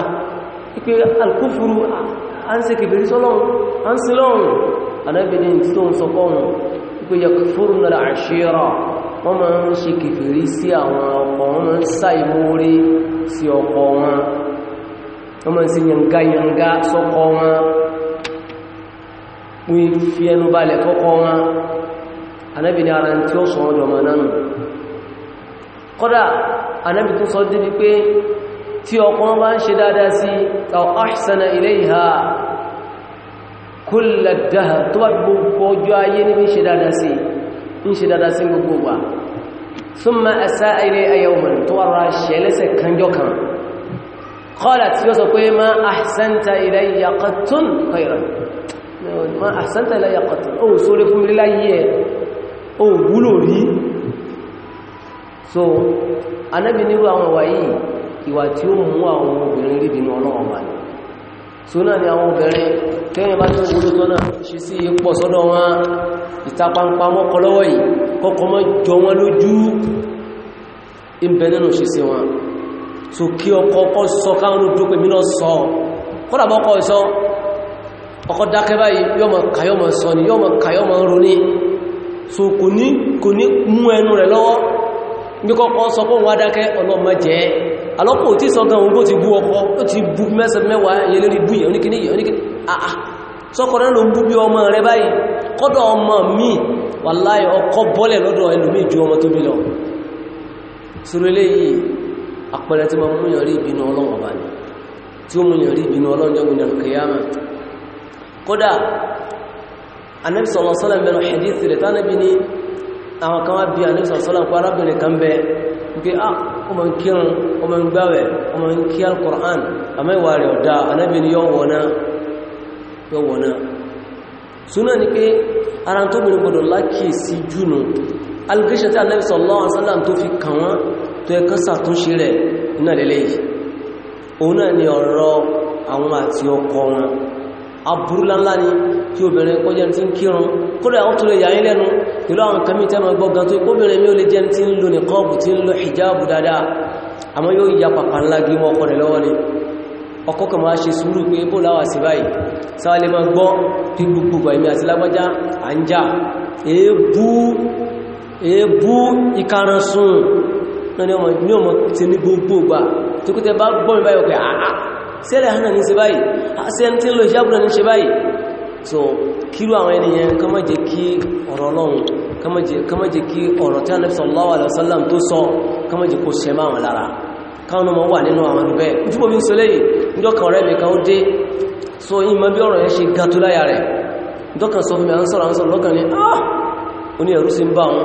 pípé alkúfúrú a ń se kèfèrí sọ́lọ́run a ń sí lọ́run anábìnrin tí tó ń sọ pọ̀run pípé yakfúrú náà àṣírà wọ́n ma ń ṣe kèfèrí sí àwọn ọkọ wọn ma ń sàìmórí sí ọkọ wọn wọ́n ma ń sí yàngáyàngá sọ́kọ wọn wọ́n fi ẹnu balẹ̀ fọ́kọ́ wọn anábì ní ara tí ó sọ ọjọ́ ma náà kọ́dà anábì tó sọ débi pé tí ọkùnrin bá ń ṣe dáadáa sí aw ahsana ilayha kulla dahr tó bá gbogbo ọjọ́ ayé ní ṣe ń ṣe ma àsántà ìlàyà kọ̀tí ó sóre fún ilé láyé ẹ̀ ó wúlò rí so anábi nírú àwọn ìwà yìí ìwà tí ó mú àwọn obìnrin rí dínú ọlọ́wọ́ wà ní so náà ni àwọn obìnrin tẹ́yìn bá tó wúlò tó náà ṣe sí pọ̀ sọ́dọ̀ wọn so kí ọkọ̀ ọkọ̀ sọ káwọn ojú pé mí náà ọkọ̀ dákẹ́ báyìí yọ́ ma kàyọ́ ma sọ ni yọ́ ma kàyọ́ ma rò ní so kò ní kò ní mú ẹnu rẹ̀ lọ́wọ́ bí kọ́kọ́ sọ pé wọ́n dákẹ́ ọlọ́mọ jẹ́ alọ́pọ̀ tí sọ gan ogó ti bú ọkọ́ ó ti mi wàláhì ọkọ̀ bọ́lẹ̀ lọ́dọ̀ ẹlòmíì ju ọmọ tó bí lọ sórí eléyìí àpẹẹrẹ tí mo mú yàn rí ìbínú ọlọ́wọ̀ bá ní kìyàmà kódà Ànábì sallallahu alaihi wasallam mẹ́rin hadith rẹ̀ tánàbí ní àwọn kan wá bí Ànábì sallallahu alaihi wasallam arábìnrin kan bẹ pé ah ọmọ ń kírun ọmọ ń gbáwẹ̀ ọmọ ń kí al-Qur'an àmọ́ ìwà rẹ̀ ọ̀dá Ànábì ni yọ wọ̀ná yọ wọ̀ná súnà ni pé ara tó bìnrin gbọdọ̀ lákìsí jùnù alìgíṣẹ́ tí Ànábì sallallahu alaihi wọ́n náà aburúláńlá ni kí obìnrin kó jẹ́ tí ń kírun kódà àwọn tó lè yà ní lẹ́nu pẹ̀lú àwọn kàmí tẹ́ ma gbọ́gan tó kóbìnrin mi ó lè jẹ́ tí ń lo ní kọ́ọ̀bù tí ń lo hijabu dáadáa àmọ́ kan máa ṣe sùúrù pé bó láwà sí báyìí sáà lè máa gbọ́ pí gbogbo ẹ̀mí àti lágbájá à ń já èébú èébú ìkaransun náà ni ọmọ ti ní gbogbo gbà kú tẹ bá gbọ́ mi báyìí ọkọ̀ sẹ́rẹ̀ hàn ní ṣe báyìí àṣẹ ah, tí ń lo ìṣàbùnà ní ṣe báyìí so kíru àwọn ènìyàn ká má jẹ́ kí ọ̀rọ̀ Ọlọ́run ká má jẹ́ kí ọ̀rọ̀ tí a nẹ́fẹ́ sallallahu alaihi wasallam tó sọ ká má jẹ́ kó ṣẹ máa wọn lára káwọn ọmọ wà nínú àwọn so yí ma bí ọ̀rọ̀ yẹn ṣe ga tó láyà rẹ̀ níjọ́kan sọ fún mi à ń ah oní ẹ̀rú sí ń bá wọn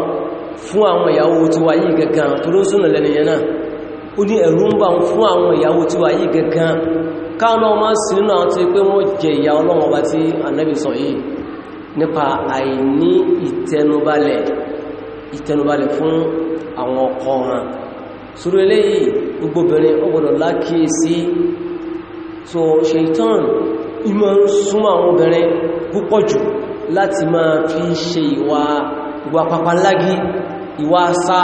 fún àwọn ìyàwó tí ó ní ẹ̀rù ń bà ń fún àwọn ìyàwó tí wà yìí gẹ̀gán káàlọ́ ọmọ sí nínú àwọn tí pé wọ́n jẹ ìyà ọlọ́wọ́ bá tí Ànábì sọ yìí nípa àìní ìtẹnubalẹ̀ ìtẹnubalẹ̀ fún àwọn ọkọ wọn sórí eléyìí gbogbo obìnrin ó gbọdọ̀ lákíyèsí so ṣèitán ìmọ̀ ń súnmọ́ àwọn obìnrin púpọ̀ jù láti máa fi ṣe ìwà ìwà ìwà sáà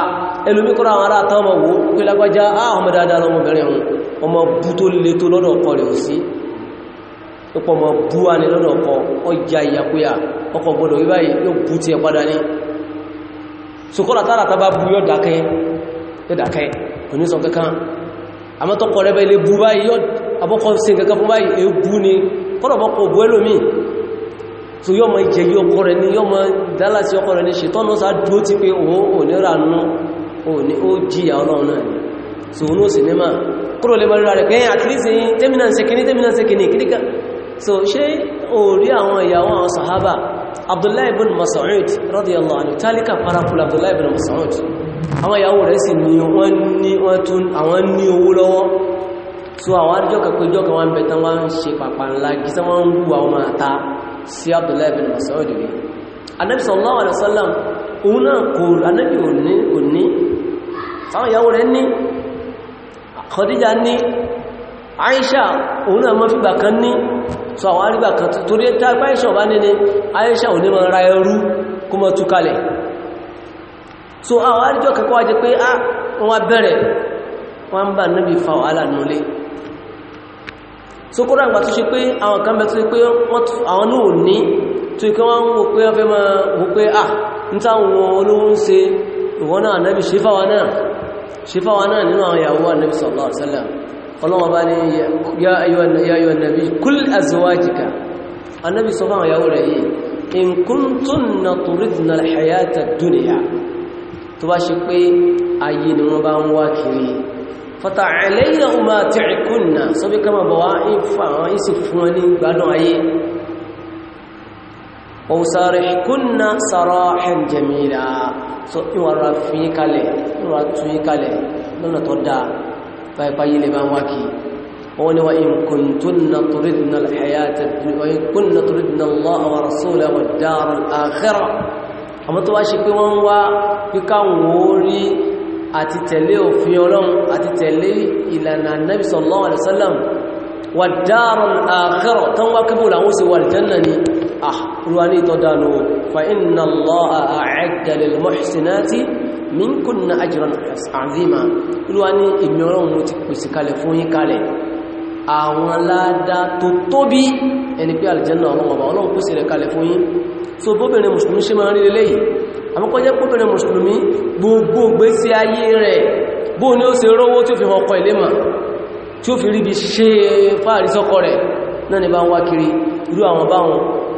ẹlòmí kọ́ra àwọn ará àtàwọn ọmọ wò pé lágbàjá àwọn ah, ọmọ dáadáa lọ́mọbìnrin ọ̀hún ọmọ bú tó lè tó lọ́dọ̀ ọkọ rẹ̀ sí pípọ̀ ọmọ bú wá ní lọ́dọ̀ ọkọ ọjà ìyàkúyà ah, ọkọ gbọdọ̀ wíwá yóò bú ti ẹ padà ní sòkọ́lá tára tàbá bú yóò dákẹ́ yóò ni kọ́nà bọ́kọ̀ bú ẹlòmíì so yọ́ mọ ìjẹ̀yí ọkọ rẹ̀ ni yọ́ mọ dálásí ọkọ rẹ̀ ni ṣètọ́nà sáà dúró ti pé òun ò ní rànú o ní ó jíyà ọlọ́run náà ni so ní ó sì ní máa kúrò lè mọ́lúra rẹ̀ pé at least yí tẹ́mìnà ń sekini tẹ́mìnà ń sekini so ṣe o rí àwọn ìyàwó àwọn sahaba abdullahi ibn mas'ud radiyallahu anhu tálíkà parakul abdullahi ibn mas'ud àwọn ìyàwó rẹ̀ sì ni wọ́n ní wọ́n tún àwọn ní owó so àwọn àdíjọ́ kan pé jọ́kan wọ́n bẹ̀tán wọ́n ṣe pàpà ńlá gíṣẹ́ wọ́n ń wù àwọn mas'ud rí anábì sallallahu alaihi wasallam òun náà kò anábì òní àwọn ìyàwó rẹ̀ ní Khadija ní Aisha òun náà mọ́ fígbà kan ní so àwọn arígbà kan torí tápá Aisha ọba ní ní Aisha òní mọ́ ra ẹrú kó mọ́ túkalẹ̀ so àwọn aríjọ́ kẹ́kọ́ wájẹ́ pé ah, wọ́n bẹ̀rẹ̀ wọ́n bá nábi fa wàhálà nulé so kódà àgbà tó ṣe pé àwọn kan bẹ̀ tó ṣe pé wọ́n náà ah, nábi ṣe fáwọn náà ṣe fáwọn náà nínú àwọn ìyàwó annabi sallallahu alaihi wasallam ọlọ́wọ́ bá ní ya ayyuhan nabi kul azwajika annabi sọ fáwọn ìyàwó rẹ̀ yìí in kuntunna turidna alhayata ad-dunya tó bá ṣe pé ayé ni wọ́n bá ń wá kiri fata'alayna umati'ikunna sọ bí kama bọ̀wá ìfà àwọn ìsì fún wọn ní gbádùn ayé ọ̀sàrẹ̀kúnnà sàráhàn jẹ̀mìlá so ìwàrà fi kalẹ̀ ìwàrà tún kalẹ̀ lọ́nà tó dáa fàífàyí lè bá wá kí wọ́n ni wa in kuntunna turidna al-hayata wa in kunna turidna Allah wa rasulahu wa ad-dar al-akhirah àmọ́ tó wá ṣe pé wọ́n wá píká ruwani ah, tó dánú fa inna allaha a'adda lil muhsinati minkunna ajran azima ruwani ìmìíràn mo ti pèsè kalẹ̀ fún yín kalẹ̀ àwọn aládá tó tóbi ẹni pé aljanna ọlọ́wọ́ ọba ọlọ́wọ́ pèsè rẹ̀ kalẹ̀ fún yín so bóbìnrin mùsùlùmí ṣe máa rí lélẹ́yìí àmọ́kọ́jẹ́ bóbìnrin mùsùlùmí gbogbo gbésí ayé rẹ̀ bó ní ó ṣe rówó tí ó fi hàn ọkọ ilé mà tí ó fi rí bí ṣe fáàrí sọ́kọ rẹ̀ náà ni bá ń wá kiri irú àwọn báwọn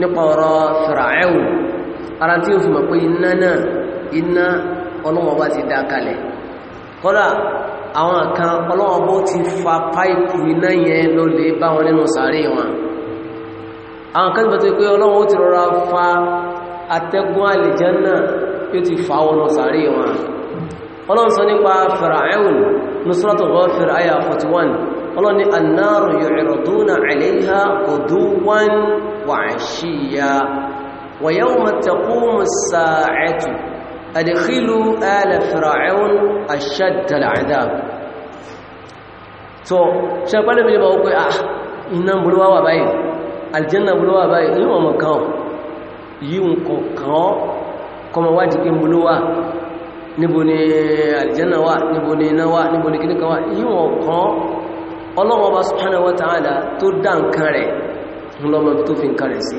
nípa ọ̀rọ̀ fìràẹ́wù ara tí ó fi mọ̀ pé iná náà iná ọlọ́mọba ti dá kalẹ̀ kọ́dà àwọn kan ọlọ́mọbó ti fa páìpù iná yẹn ló lè bá wọn nínú sàárè wọn àwọn kan gbẹ̀tọ́ pé ọlọ́mọbó ti rọra fa atẹ́gùn àlìjánà yóò ti fa wọn sàárè wọn nusratu Ghafir àyà 41 ọlọ́run ní annáàrù yu'raduna 'alayha ghuduwan wa 'ashiyya wa yawma taqumu as-sa'atu adkhilu ala fir'aun ashadda al-'adhab so ṣe pẹ́lẹ̀ mi lè máa wọ́pẹ́ ah iná burúwá wà báyìí aljanna burúwá báyìí yíò ọmọ kan yíò kọ̀ọ̀kan kọmọ wájì pé burúwá níbo ni aljanna wà níbo ni iná wà níbo ni kíníkan wà yíò ọ̀kan ọlọ́run ọba subhanahu wa ta'ala tó dá nǹkan rẹ̀ ńlọmọ tó fi nǹkan rẹ̀ sí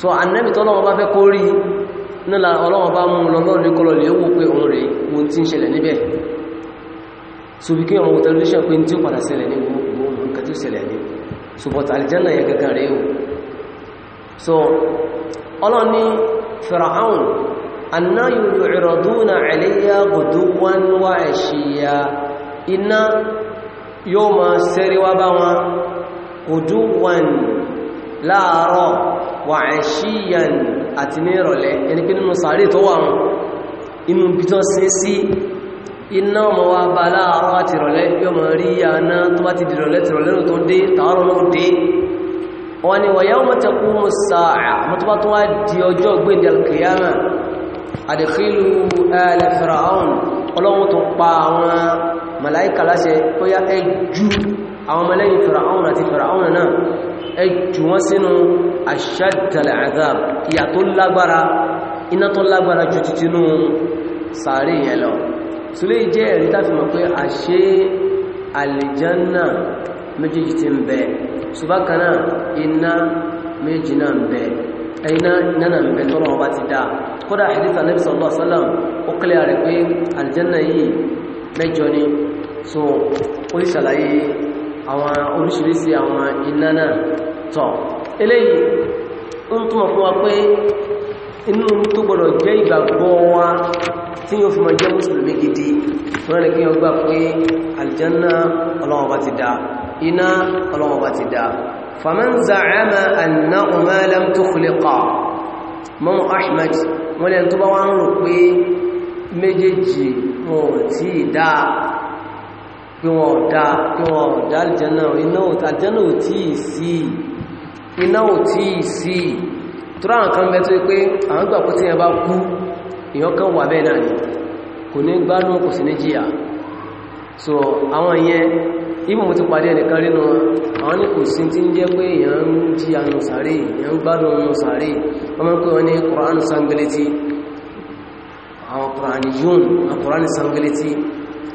so anẹ́bì tó ọlọ́run ọba fẹ́ kó rí nílá ọlọ́run ọba mú lọ́lọ́rin kọlọ̀lẹ̀ ó wò pé òun rẹ̀ ohun tí ń ṣẹlẹ̀ níbẹ̀ so bí kí ọmọ tẹlifíṣàn pé wa 'ashiyya iná yóò ma sẹ́ríwá bá wọn òdúwàn láàárọ̀ wà ẹ̀ṣíyàn àti ní ìrọ̀lẹ́ ẹni pé nínú sàárè tó wà wọn inú bí tán sí sí iná ọmọ wa bá láàárọ̀ àti ìrọ̀lẹ́ yóò ma rí àná tó bá ti dìrọ̀lẹ́ tìrọ̀lẹ́ tó dé tààrọ̀ náà dé wọ́n ni wọ̀yá wọ́n tẹ́kú mú màláíkà láṣẹ ó yá ẹjú àwọn ọmọlẹ́yìn fìràáùn àti fìràáùn náà ẹjù wọ́n sínú àṣàdàlẹ̀ àzáb ìyà tó lágbára iná tó lágbára ju títí inú sàárè yẹn lọ súlé jẹ́ ẹ̀rí tàbí mọ̀ pé àṣẹ àlìjánà méjèèjì ti ń bẹ ṣùgbákaná iná méjì náà ń bẹ ẹ̀yìnà nánà ń bẹ tọ́lọ̀ ọba ti dáa kódà hadith Ànábì ó kílẹ̀ rẹ̀ pé àlìjánà yìí mẹ́jọ ni so ó sì ṣàlàyé àwọn oríṣiríṣi àwọn iná náà tọ̀ eléyìí ń túnmọ̀ fún wa pé inú tó gbọdọ̀ jẹ́ ìgbàgbọ́ wa tí yóò fi mọ̀ jẹ́ mùsùlùmí gidi wọ́n ni kí wọ́n gbà pé aljanna ọlọ́wọ́ bá ti dá iná ọlọ́wọ́ kí wọn ọ̀dá kí wọn ọ̀dá àlìjẹ́nà iná àlìjẹ́nà ò tí ì sí iná ò tí ì sí tóra nǹkan bẹ tó pé àwọn gbà kó tí ẹ bá kú èèyàn kan wà bẹ́ẹ̀ náà ni kò ní gbádùn kò sí ní jìyà so àwọn ìyẹn ibùn mo ti pàdé ẹnìkan rínú àwọn ní kò sí tí ń jẹ́ pé èèyàn ń jí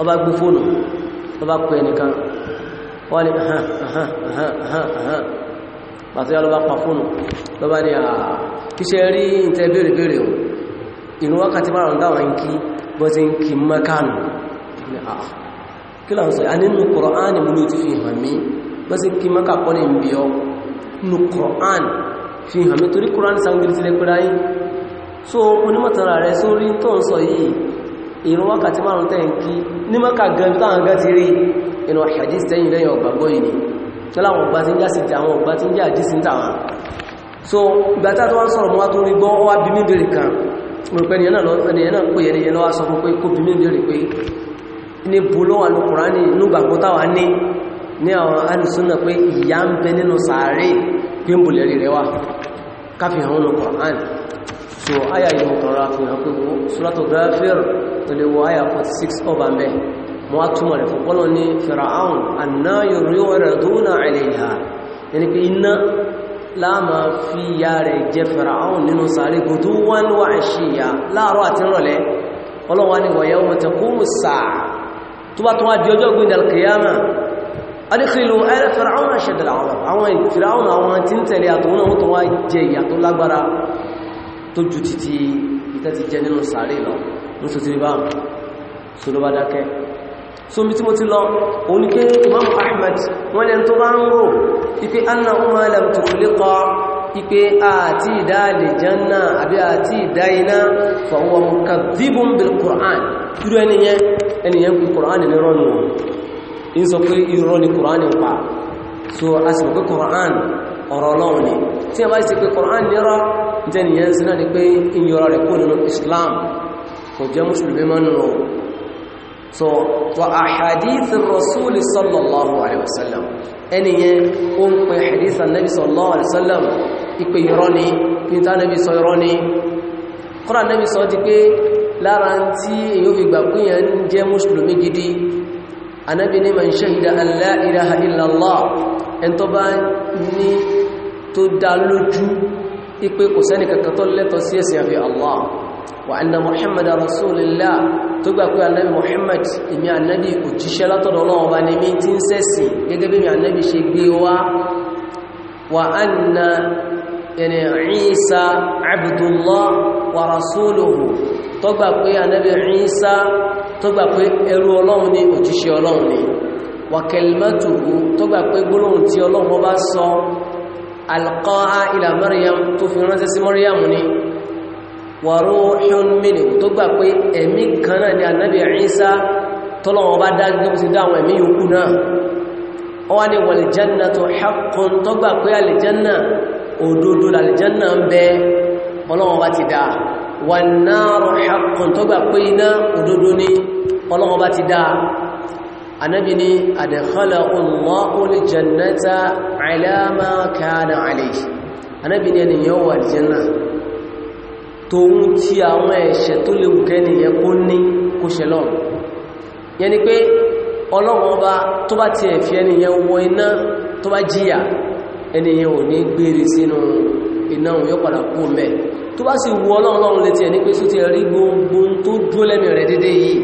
ọba gbé fóònù ọba pẹ ẹnìkan wọ́n ni ahán ahán ahán ahán ahán pàtó yá lọ́ba pa fóònù lọ́ba ni kíṣẹ́ rí ìtẹ́ bèèrè bèèrè o inú wákàtí márùn-ún dáwọn ń kí bọ́ ti ń kí mẹ́kànù kí láwọn sọ anínú Kùránì mú ló ti fi hàn ní ibi rẹ̀ sórí tó ń sọ yìí ìrún wákàtí márùn tẹ́ ń kí ní mọ́kà gan táwọn gá ti rí inú hadith tẹ́yìn lẹ́yìn ọgbàgbọ́ ìní tọ́láwọn ọgbà tí ń já sí àwọn ọgbà tí ń já àdí sí tàwọn so ìgbà tá tó wá ń sọ̀rọ̀ mọ́ tó rí gbọ́ ó wá bí mí bèèrè ni ẹ̀nà pé yẹn yẹn lọ́wọ́ sọ fún pé kó bí mí bèèrè so aya yìí mo kànra fi hàn pé wo suratu tó lè wo aya 46 ọba mẹ́ mo á túnmọ̀ rẹ̀ fọ́pọ́lọ́ ní Fir'aun annaru yu'raduna 'alayha ẹni pé iná láàmà fi ya rẹ̀ jẹ Fir'aun nínú sàárè guduwan wa 'ashiyya láàárọ̀ àti rọ̀lẹ́ ọlọ́wà ni wa yawma taqumu s-sa'a tó bá tún wá di ọjọ́ gbìyànjẹ́ alkiyama adìkìlù ẹ̀rẹ́ Fir'aun ashadda al-'adab àwọn Fir'aun àwọn tí ń tẹ̀lé àtòun tó wá jẹ ìyà lágbára tó ju títí ìtẹ́ ti jẹ nínú sàárè lọ ní tó ti rí báhùn so ló bá dákẹ́ so mi tí mo ti lọ oníké imam ahmed wọ́n lẹ́n tó bá ń rò ipé anna umar lam tó fi lékọ ipé àti ìdá àlìjánná àbí àti ìdá iná fọwọ́ ọ̀rọ̀ ọlọ́run ni tí a bá ti pé Qur'an nírọ́ jẹ́ nìyẹn sí náà ni pé ìyọra rẹ̀ kó nínú Islam kò jẹ́ mùsùlùmí mọ́ nínú so wa ahadith rasul sallallahu alaihi wasallam ẹniyẹn ó ń pè hadith annabi sallallahu alaihi wasallam ipe irọ́ ni níta annabi sọ irọ́ ni kọ́nà annabi sọ ti pé lára tí èyí ó fi gbà kúnyà ń jẹ́ mùsùlùmí gidi ẹni tó bá ní tó dá lójú ipé kò sẹ́ni kankan tó lẹ́tọ̀ sí ẹ̀sìn àfi Allah wa anna Muhammad rasulillah tó gbà pé annabi Muhammad ìmì annabi òjíṣẹ́ látọ̀dọ̀ Ọlọ́run bá ní mí tí ń sẹ́sìn gẹ́gẹ́ bí mi annabi ṣe gbé wá wa anna yani Isa abdullah wa rasuluhu tó gbà pé annabi Isa tó gbà pé ẹrú Ọlọ́run ni òjíṣẹ́ Ọlọ́run ni wàkẹ̀lmẹ́tùkú tó gbà pé gbólóhùn tí ọlọ́run bá sọ alqa'a ila maryam tó fi ránṣẹ́ sí maryam ni wa ruhun minhu tó gbà pé ẹ̀mí kan náà ni ànábì Ìsá tọ́lọ́run bá dá gẹ́gẹ́ sí dáwọn ẹ̀mí yòókù náà ó wá ní wal jannatu haqqun bá dá wan ti dá anábi ni àdẹ̀kọ́lá ọlọ́ọ̀lì jannata alama kana alayhi anábi ni ènìyàn wà jẹ́nà tó ń tí àwọn ẹ̀ṣẹ̀ tó lè wùkẹ́ nìyẹn kó ní kó ṣe lọ yẹn ni pé ọlọ́wọ́n ọba tó bá ti ẹ̀fẹ́ ènìyàn wọ iná tó bá jíyà ènìyàn ò ní gbére sínú iná òun yóò padà kú mẹ́ tó bá sì wù ọlọ́run létí ẹ̀ ní pé só ti rí gbogbo tó dúó lẹ́mì rẹ̀ dédé yìí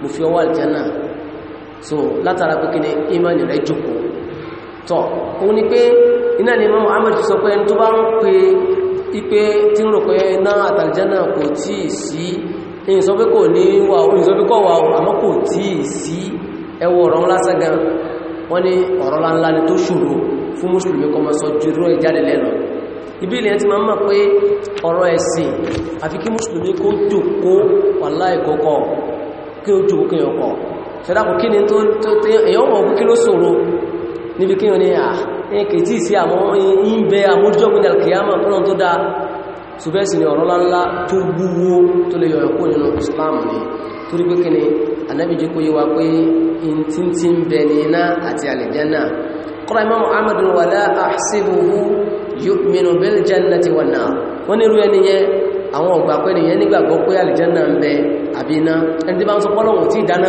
mo fi ọwọ́ àlìjánà so látara pé kíni ìmánì rẹ̀ jùkú tọ́ òun ni pé iná ni Imam Ahmad sọ pé ẹni tó bá ń pe ipé tí ń rò pé náà àtàlìjánà kò tí ì sí èyí sọ pé kò ní wà òun sọ pé kò wà àmọ́ kò tí ì sí ẹwọ ọ̀rọ̀ ńlá wọ́n ní ọ̀rọ̀ ńlá ni tó ṣòro fún mùsùlùmí kó máa sọ jùrú ẹ̀ jáde lẹ́nu ibi ilẹ̀ ti máa ń mọ̀ pé ọ̀rọ̀ ẹ̀sìn àfi kí mùsùlùmí kó jòkó wà láìkọ́kọ́ kí ó jòkó kí ọkọ̀ ṣẹ́dàkù kí ni tó èyàn mọ̀ kú kí ló ṣòro níbi kí ní àkètí ah, sí àwọn ìbẹ̀ àmójújọ́gbìn alkiyama kúrò tó dáa ṣùgbẹ́sì ni ọ̀rọ̀ láńlá tó gbúwó tó lè yọ̀ẹ̀kú nínú Islam ni torí pé kí ni anábìjí kó yíwa pé bil jannati wan nar wọ́n ní irú ẹni yẹn àwọn ọ̀gbà pẹ́ nìyẹn nígbàgbọ́ pé àlìjánà ń bẹ àbí ẹni tí bá ń sọ tí ìdáná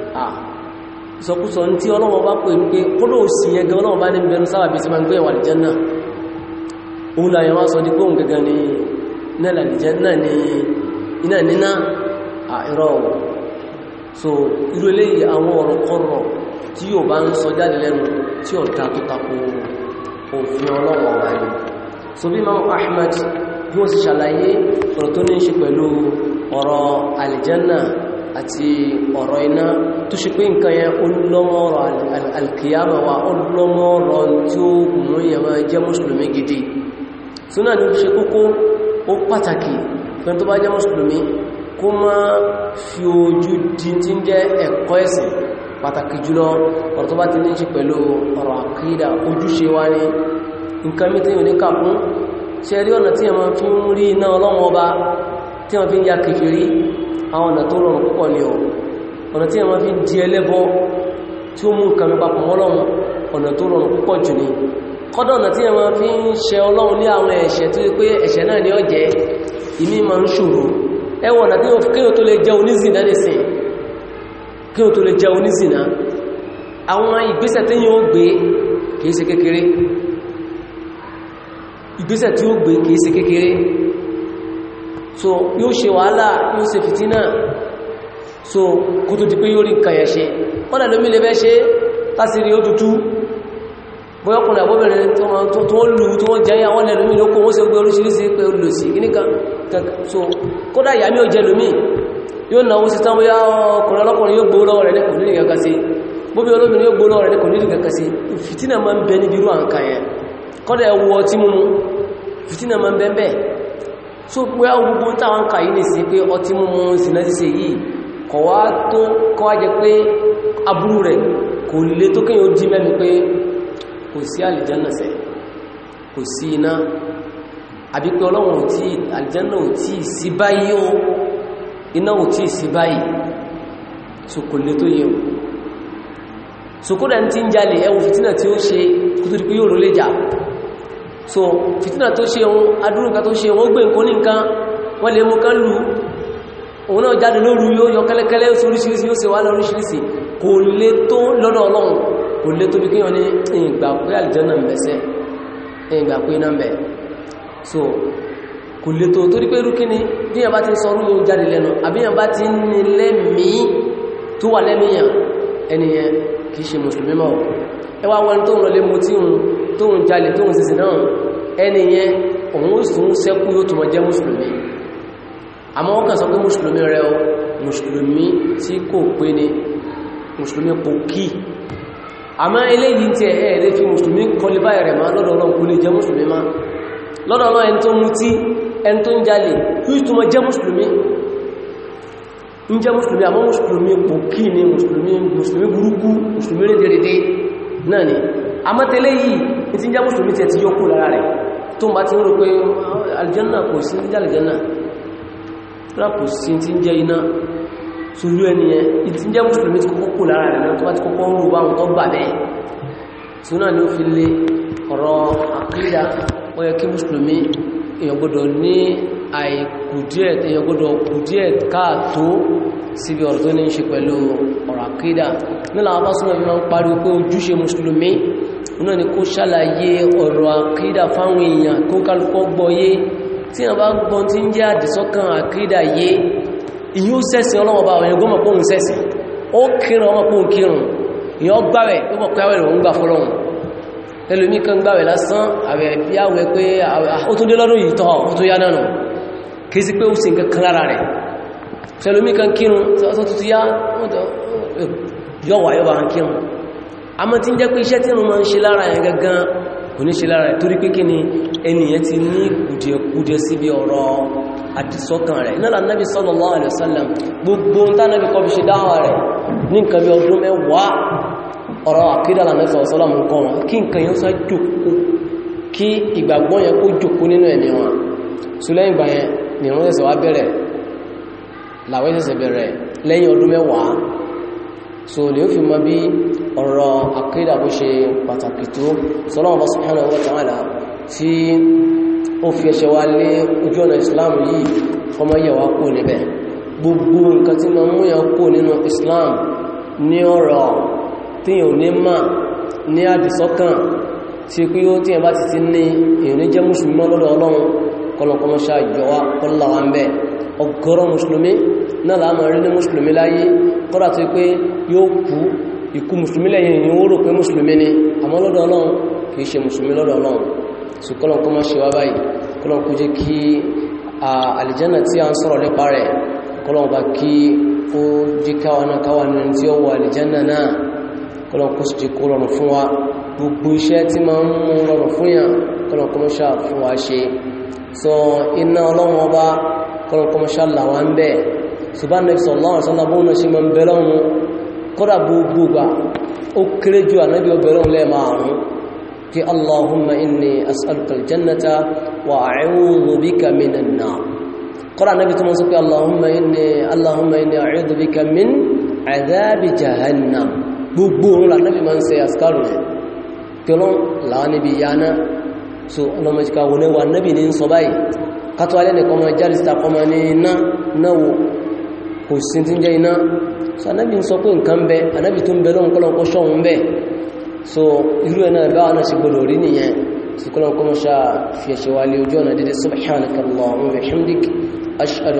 sọkúsọ tí ọlọ́wọ́ bá pè ní pé kúrò sí ẹgbẹ́ ọlọ́wọ́ bá ní bẹ̀rún sáwà bí sí ma ń gbé wà lìjẹ́ náà òun láyé wá sọ ní pé gẹ́gẹ́ ní nílà lìjẹ́ náà ní iná níná àìrọ̀ so irú eléyìí àwọn ọ̀rọ̀ kọ́rọ̀ tí yóò bá ń sọ jáde lẹ́nu tí so bí Imam Ahmad bí wọ́n sì ṣàlàyé ọ̀rọ̀ àti ọ̀rọ̀ iná tó ṣe pé nǹkan yẹn olùlọ́mọ́rọ̀ alkiyama wa olùlọ́mọ́rọ̀ tí ó mú ìyàmá jẹ́ mùsùlùmí gidi súnà ní ṣe kókó ó pàtàkì fẹ́ tó bá jẹ́ mùsùlùmí kó má fi ojú díndín jẹ́ ẹ̀kọ́ ẹ̀sìn pàtàkì jùlọ ọ̀rọ̀ tó bá ti ní ṣe pẹ̀lú ọ̀rọ̀ àkídà ojúṣe wá ní nǹkan ya kèfèrí àwọn ọ̀nà tó rọrùn púpọ̀ ni o ọ̀nà tí a máa fi di ẹlẹ́bọ tí ó mú nǹkan papọ̀ mọ́lọ́run ọ̀nà tó rọrùn púpọ̀ jù ni kọ́dọ̀ ọ̀nà tí a máa fi ń ṣe ọlọ́run ní àwọn ẹ̀ṣẹ̀ tó ẹ̀ṣẹ̀ náà ni ó jẹ́ ń ṣòro so yóò ṣe wàhálà yóò ṣe fìtínà so kò tó ti pé yóò rí nǹkan yẹn ṣe wọ́n lẹ̀ lómi lè bẹ́ ṣe tásìrí ó tutù bọ́yọ́kùnrin àbọ́bẹ̀rẹ̀ tó wọ́n lù tó wọ́n jẹ́ àwọn lẹ̀ lómi lókò wọ́n ṣe gbé oríṣiríṣi pé ó lò sí gíníkan so kódà ìyàmí ò jẹ lómi yóò náwó sí tán bóyá ọkùnrin ọlọ́kùnrin yóò gbóòrò rẹ̀ ní kò nílì kankan sí bóbi olóbìnrin yóò gbóòrò rẹ̀ ní kò nílì kankan sí fìtínà máa ń bẹ níbi irú àǹkà yẹn kódà ẹwọ ọtí mímu fìtínà máa ń bẹ bẹ́ẹ̀ so pé ọgbogbo táwọn kàyí nì sí pé ọtí mú mú sínà sí yìí kọ̀ wá tó kọ́ wá jẹ pé aburú rẹ̀ kò lè tó kíyàn ó dí mẹ́lú pé kò sí àlìjánà sẹ̀ kò sí iná àbí pé ọlọ́run ò tí àlìjánà ò tí sí báyìí ó iná ò sí báyìí so kò lè tó yẹ so kódà ní ti ń jalè ẹwù tí ó ṣe kútùrí pé yóò rólé jà so fìtínà tó ṣe wọn adúrúnká tó ṣe wọn gbé nǹkan ní nǹkan wọ́n kan lu kán lù yọ kẹ́lẹ́kẹ́lẹ́ oríṣiríṣi yóò ṣe wá lóríṣiríṣi kò lè tó lọ́dọ̀ ọlọ́run kò lè tó bí so kò lè tó torí pé irú kíni bíyàn bá ti sọ orú yóò jáde lẹ́nu àbíyàn bá ti tó ń jalè tó ń sísì náà ẹni yẹn òun ó sùn sẹ́kú yóò tó mọ jẹ́ mùsùlùmí àmọ́ wọ́n kàn sọ pé mùsùlùmí rẹ o mùsùlùmí tí kò pé ni mùsùlùmí kò kí àmọ́ eléyìí tí ẹ̀ lè fi mùsùlùmí kọlí báyìí rẹ̀ máa lọ́dọ̀ ọlọ́run kò náà ni àmọ́tẹ́lẹ́ yìí ní ti ń jẹ́ mùsùlùmí tẹ́ ti yókù lára rẹ̀ tó ń bá ti ń rò pé aljanna ah, kò sí ní aljanna rápò sí ti ń jẹ́ iná sórí ẹniyẹn ní ti ń jẹ́ mùsùlùmí ti kókó kò lára rẹ̀ tó bá ti kọ́kọ́ ń rò bá wọn tó gbà bẹ́ẹ̀ tí náà ni ó fi lé ọ̀rọ̀ àkídà ó yẹ kí mùsùlùmí èèyàn gbọ́dọ̀ ní àìkùdíẹ̀ èèyàn gbọ́dọ̀ kùdíẹ̀ káàtó síbi ọ̀rọ̀ tó ní ṣe pẹ̀lú ọ̀rọ̀ àkídà nílà abásúnà fi máa pé ojúṣe mùsùlùmí náà ni kó ṣàlàyé ọ̀rọ̀ àkídà fáwọn èèyàn kó kálùkọ́ gbọ́yé tí a bá gbọ́ tí ń jẹ́ àdìsọ́kàn àkídà yé ìyí ó sẹ́sìn ọlọ́wọ́ bá ọ̀yẹ̀ gómọ̀ pòun sẹ́sìn ó kírun ọmọ pòun kírun ìyàn gbáwẹ̀ ó mọ̀ pé àwẹ̀ rẹ̀ ń gbà fọ́lọ́run ẹlòmí kan gbáwẹ̀ lásán àwẹ̀ bí àwẹ̀ pé ah, ó tún dé lọ́dún yìí tọ́ ó tún yá náà nù a mọ́ tí ń jẹ́ pé iṣẹ́ tí mo máa ń ṣe lára ẹ̀ gangan kò ní ṣe lára ẹ̀ torí pé kí ni ẹniyàn ti ní kùdìẹ̀kùdìẹ̀ síbi ọ̀rọ̀ àdìsọ́kàn rẹ̀ náà lànàbí sallallahu alaihi wasallam gbogbo tánàbí kọ́ fi ṣe dáwà rẹ̀ ní nǹkan bí ọdún mẹ́wàá ọ̀rọ̀ àkídà lànàbí sallallahu nǹkan wọn kí nǹkan yẹn sá jòkó ni wọ́n ṣẹ̀ṣẹ̀ wá bẹ̀rẹ̀ làwẹ́ ṣẹ̀ṣẹ̀ bẹ̀rẹ̀ lẹ́yìn ọdún so lè ó ọ̀rọ̀ àkídà bó ṣe pàtàkì tó sọ́lọ́wọ́ subhanahu wa ta'ala tí ó fi ẹ̀ṣẹ̀ wá lé ojú ọ̀nà islam yìí ọmọ yẹ̀wà kó níbẹ̀ gbogbo nǹkan tí ma mú yàn kó nínú islam ní ọ̀rọ̀ tí yàn ní mà ní àdìsọ́kàn tí pé ó tí yàn bá ti ti ní èyàn ní jẹ́ mùsùlùmí lọ́dọ̀ ọlọ́run kọlọ̀kọlọ̀ ikú musulmi lẹ́yìn ìyìn ó rò pé musulmi ni àmọ́ lọ́dọ̀ ọlọ́run kìí ṣe musulmi lọ́dọ̀ ọlọ́run so kọ́lọ̀n kó má ṣe wá báyìí kọ́lọ̀n kó jẹ́ kí àlìjánà tí a ń sọ̀rọ̀ nípa rẹ̀ kọ́lọ̀n bá kí ó jí káwaná káwaná tí ó wọ àlìjánà náà kọ́lọ̀n kó sì kó rọrùn fún wa gbogbo iṣẹ́ tí ma ń mú rọrùn fún yàn kọ́lọ̀n kó mọ́ṣá fún wa ṣe so iná ọlọ́run ọba kọ́lọ̀n kó mọ́ṣá làwọn bẹ́ẹ̀ ṣùgbọ́n nẹ́bí sọ̀lọ́run sọ́nà bóun náà ṣe máa ń bẹ kódà gbogbo gbà ó kéré ju ànábì obìnrin lẹ́ẹ̀márùn kí allahumma inni as'aluka aljannata wa a'udhu bika minan nar kódà ànábì tó mọ́ sí pé allahumma inni allahumma inni a'udhu bika min adhabi jahannam gbogbo òun la ànábì máa ń ṣe àsìkárù rẹ̀ kí ọlọ́n làwọn so ọlọ́mọ wọlé wa ànábì ní sọ báyìí kátó alẹ́ nìkan mọ́ jáde síta kọ́ mọ́ ní iná náà kò sí tí ń jẹ́ iná so anábi ń sọ pé nǹkan bẹ anábi tó ń bẹ lọ́n kọ́lọ́kọ́ ṣọ́hun bẹ so irú ẹ̀nà ìbá náà ṣe gbọdọ̀ rí nìyẹn sí kọ́lọ́kọ́ mọ́ fi ẹ̀ṣẹ̀ wá lé ojú ọ̀nà dédé wa bihamdik ashhadu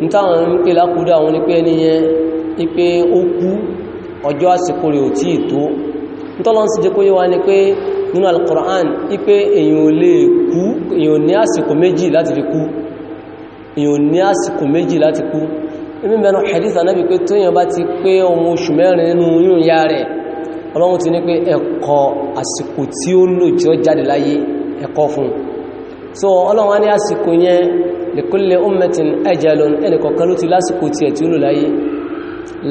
nítàwọn ń pè lákúdá àwọn ní pé ẹni yẹn ní pé ó kú ọjọ́ àsìkò rẹ̀ ò tí ì tó sí jẹ́ kó yé wa ní pé nínú al-Qur'an ní pé èyàn ò lè kú èyàn ní àsìkò méjì láti fi kú èyàn ní àsìkò méjì láti kú ibi mẹ́nu hadith anábi pé tó yẹn bá ti pé ọmọ oṣù mẹ́rin nínú yíò so ọlọ́run á likulli ummatin ajalun ẹnìkọ̀kan ló ti lásìkò tí ẹ̀ tí ó lò láyé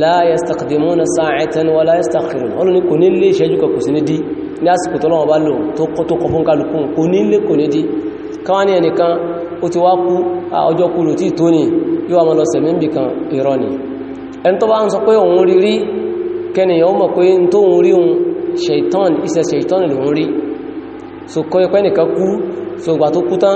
la yastaqdimuna sa'atan wa la yastakhirun ọlọ́ ni kò ní lé ìṣẹ́jú kan kò sí ní dí ní àsìkò tó lọ́wọ́ bá lò tó kọ fún kálukú kò ní lé kò ní dí káwọn ní ẹnìkan ó ti wá kú ọjọ́ kú lò tí tó ní yóò àmọ́ so kọ́ ẹ̀pẹ́ nìkan kú so gbà tó kú tán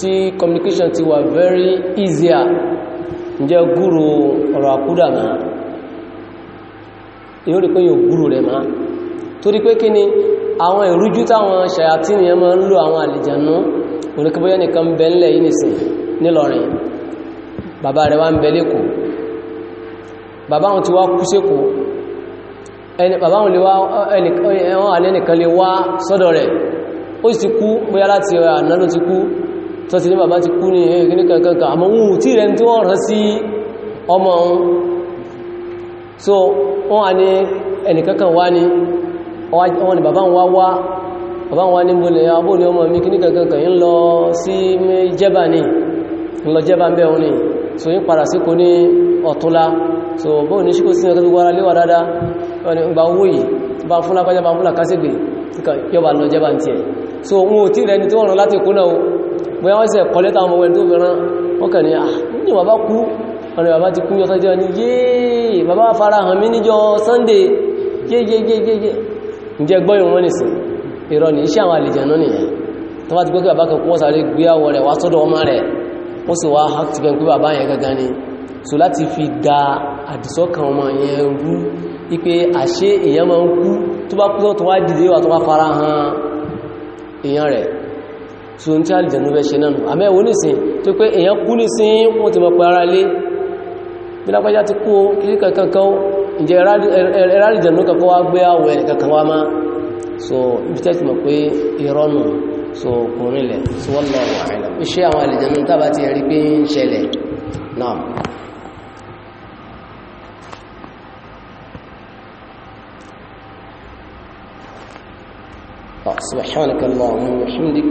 tí communication ti wà very easier ǹjẹ́ gúrò ọ̀rọ̀ àkúdà máa yóò rí pé yóò gúrò rẹ̀ máa torí pé kí ni àwọn ìrújú táwọn ṣàyàtí ni ẹ máa ń lo àwọn àlìjànú oníkébóyẹ́ nìkan bẹ ńlẹ̀ yìí nìsìn nílọrin bàbá rẹ̀ wá ń bẹ lẹ́kọ̀ọ́ bàbá wọn ti wá kú sékòó bàbá wọn lè wá ẹnìkan lè wá sọ́dọ̀ rẹ̀ ó sì kú bóyá láti ọ̀nà ló ti kú tó ti ní bàbá ti kú ní ẹgbẹ́ ní kankankan àmọ́ ohun tí rẹ̀ tí wọ́n rán sí ọmọ ohun so wọ́n wà ní ẹnìkankan wá ní wọ́n ni bàbá wá wá bàbá wá ní múlẹ̀ abóòlẹ̀ ọmọ mi kí ní kankankan yí lọ sí jẹ́bà ní lọ jẹ́bà ń bẹ́ òun ni so yí padà sí kò ní ọ̀túnlá so bóò wọn ò tí rẹ̀ ni tí wọ́n rán láti kó náà bóyá wọ́n sì ẹ̀kọ́ lẹ́ta ọmọ ẹni tó fẹ́ràn wọ́n kàn ní ah, ní bàbá kú ọ̀rẹ́ bàbá ti kú yọ sọ́jọ́ ní yéè bàbá fara hàn mí níjọ́ Sunday yéyéyéyé ǹjẹ́ gbọ́ ìwọ́n nìsìn ìrọ̀ ní iṣẹ́ àwọn àlejò náà nìyẹn tó bá ti gbé pé bàbá kan kú wọ́n sáré gbé àwọ̀ rẹ̀ wá sọ́dọ̀ ọmọ rẹ̀ wọ́n sì wá ti fẹ́ pé bàbá yẹn gangan ni so láti fi da àdìsọ́kàn ọmọ yẹn rú fara hàn èèyàn so n tí alìjẹ̀nú bẹ́ ṣe náà àmẹ́wò nìsìn tó pé èyàn kú nìsìn wọ́n ti mọ̀ pẹ̀ ara lé bílápájá ti kú kìí kankan ìjẹ ẹ̀rálìjẹ̀nú kankan wá gbé àwọ̀ ẹ̀ kankan wá má so ibi tẹ́ ti mọ̀ pé ìrọ́nù so kùnrin lẹ̀ so wọ́n lọ àìlẹ̀ iṣẹ́ àwọn alìjẹ̀nú tàbá ti rí pé ń ṣẹlẹ̀ náà سبحانك اللهم وبحمدك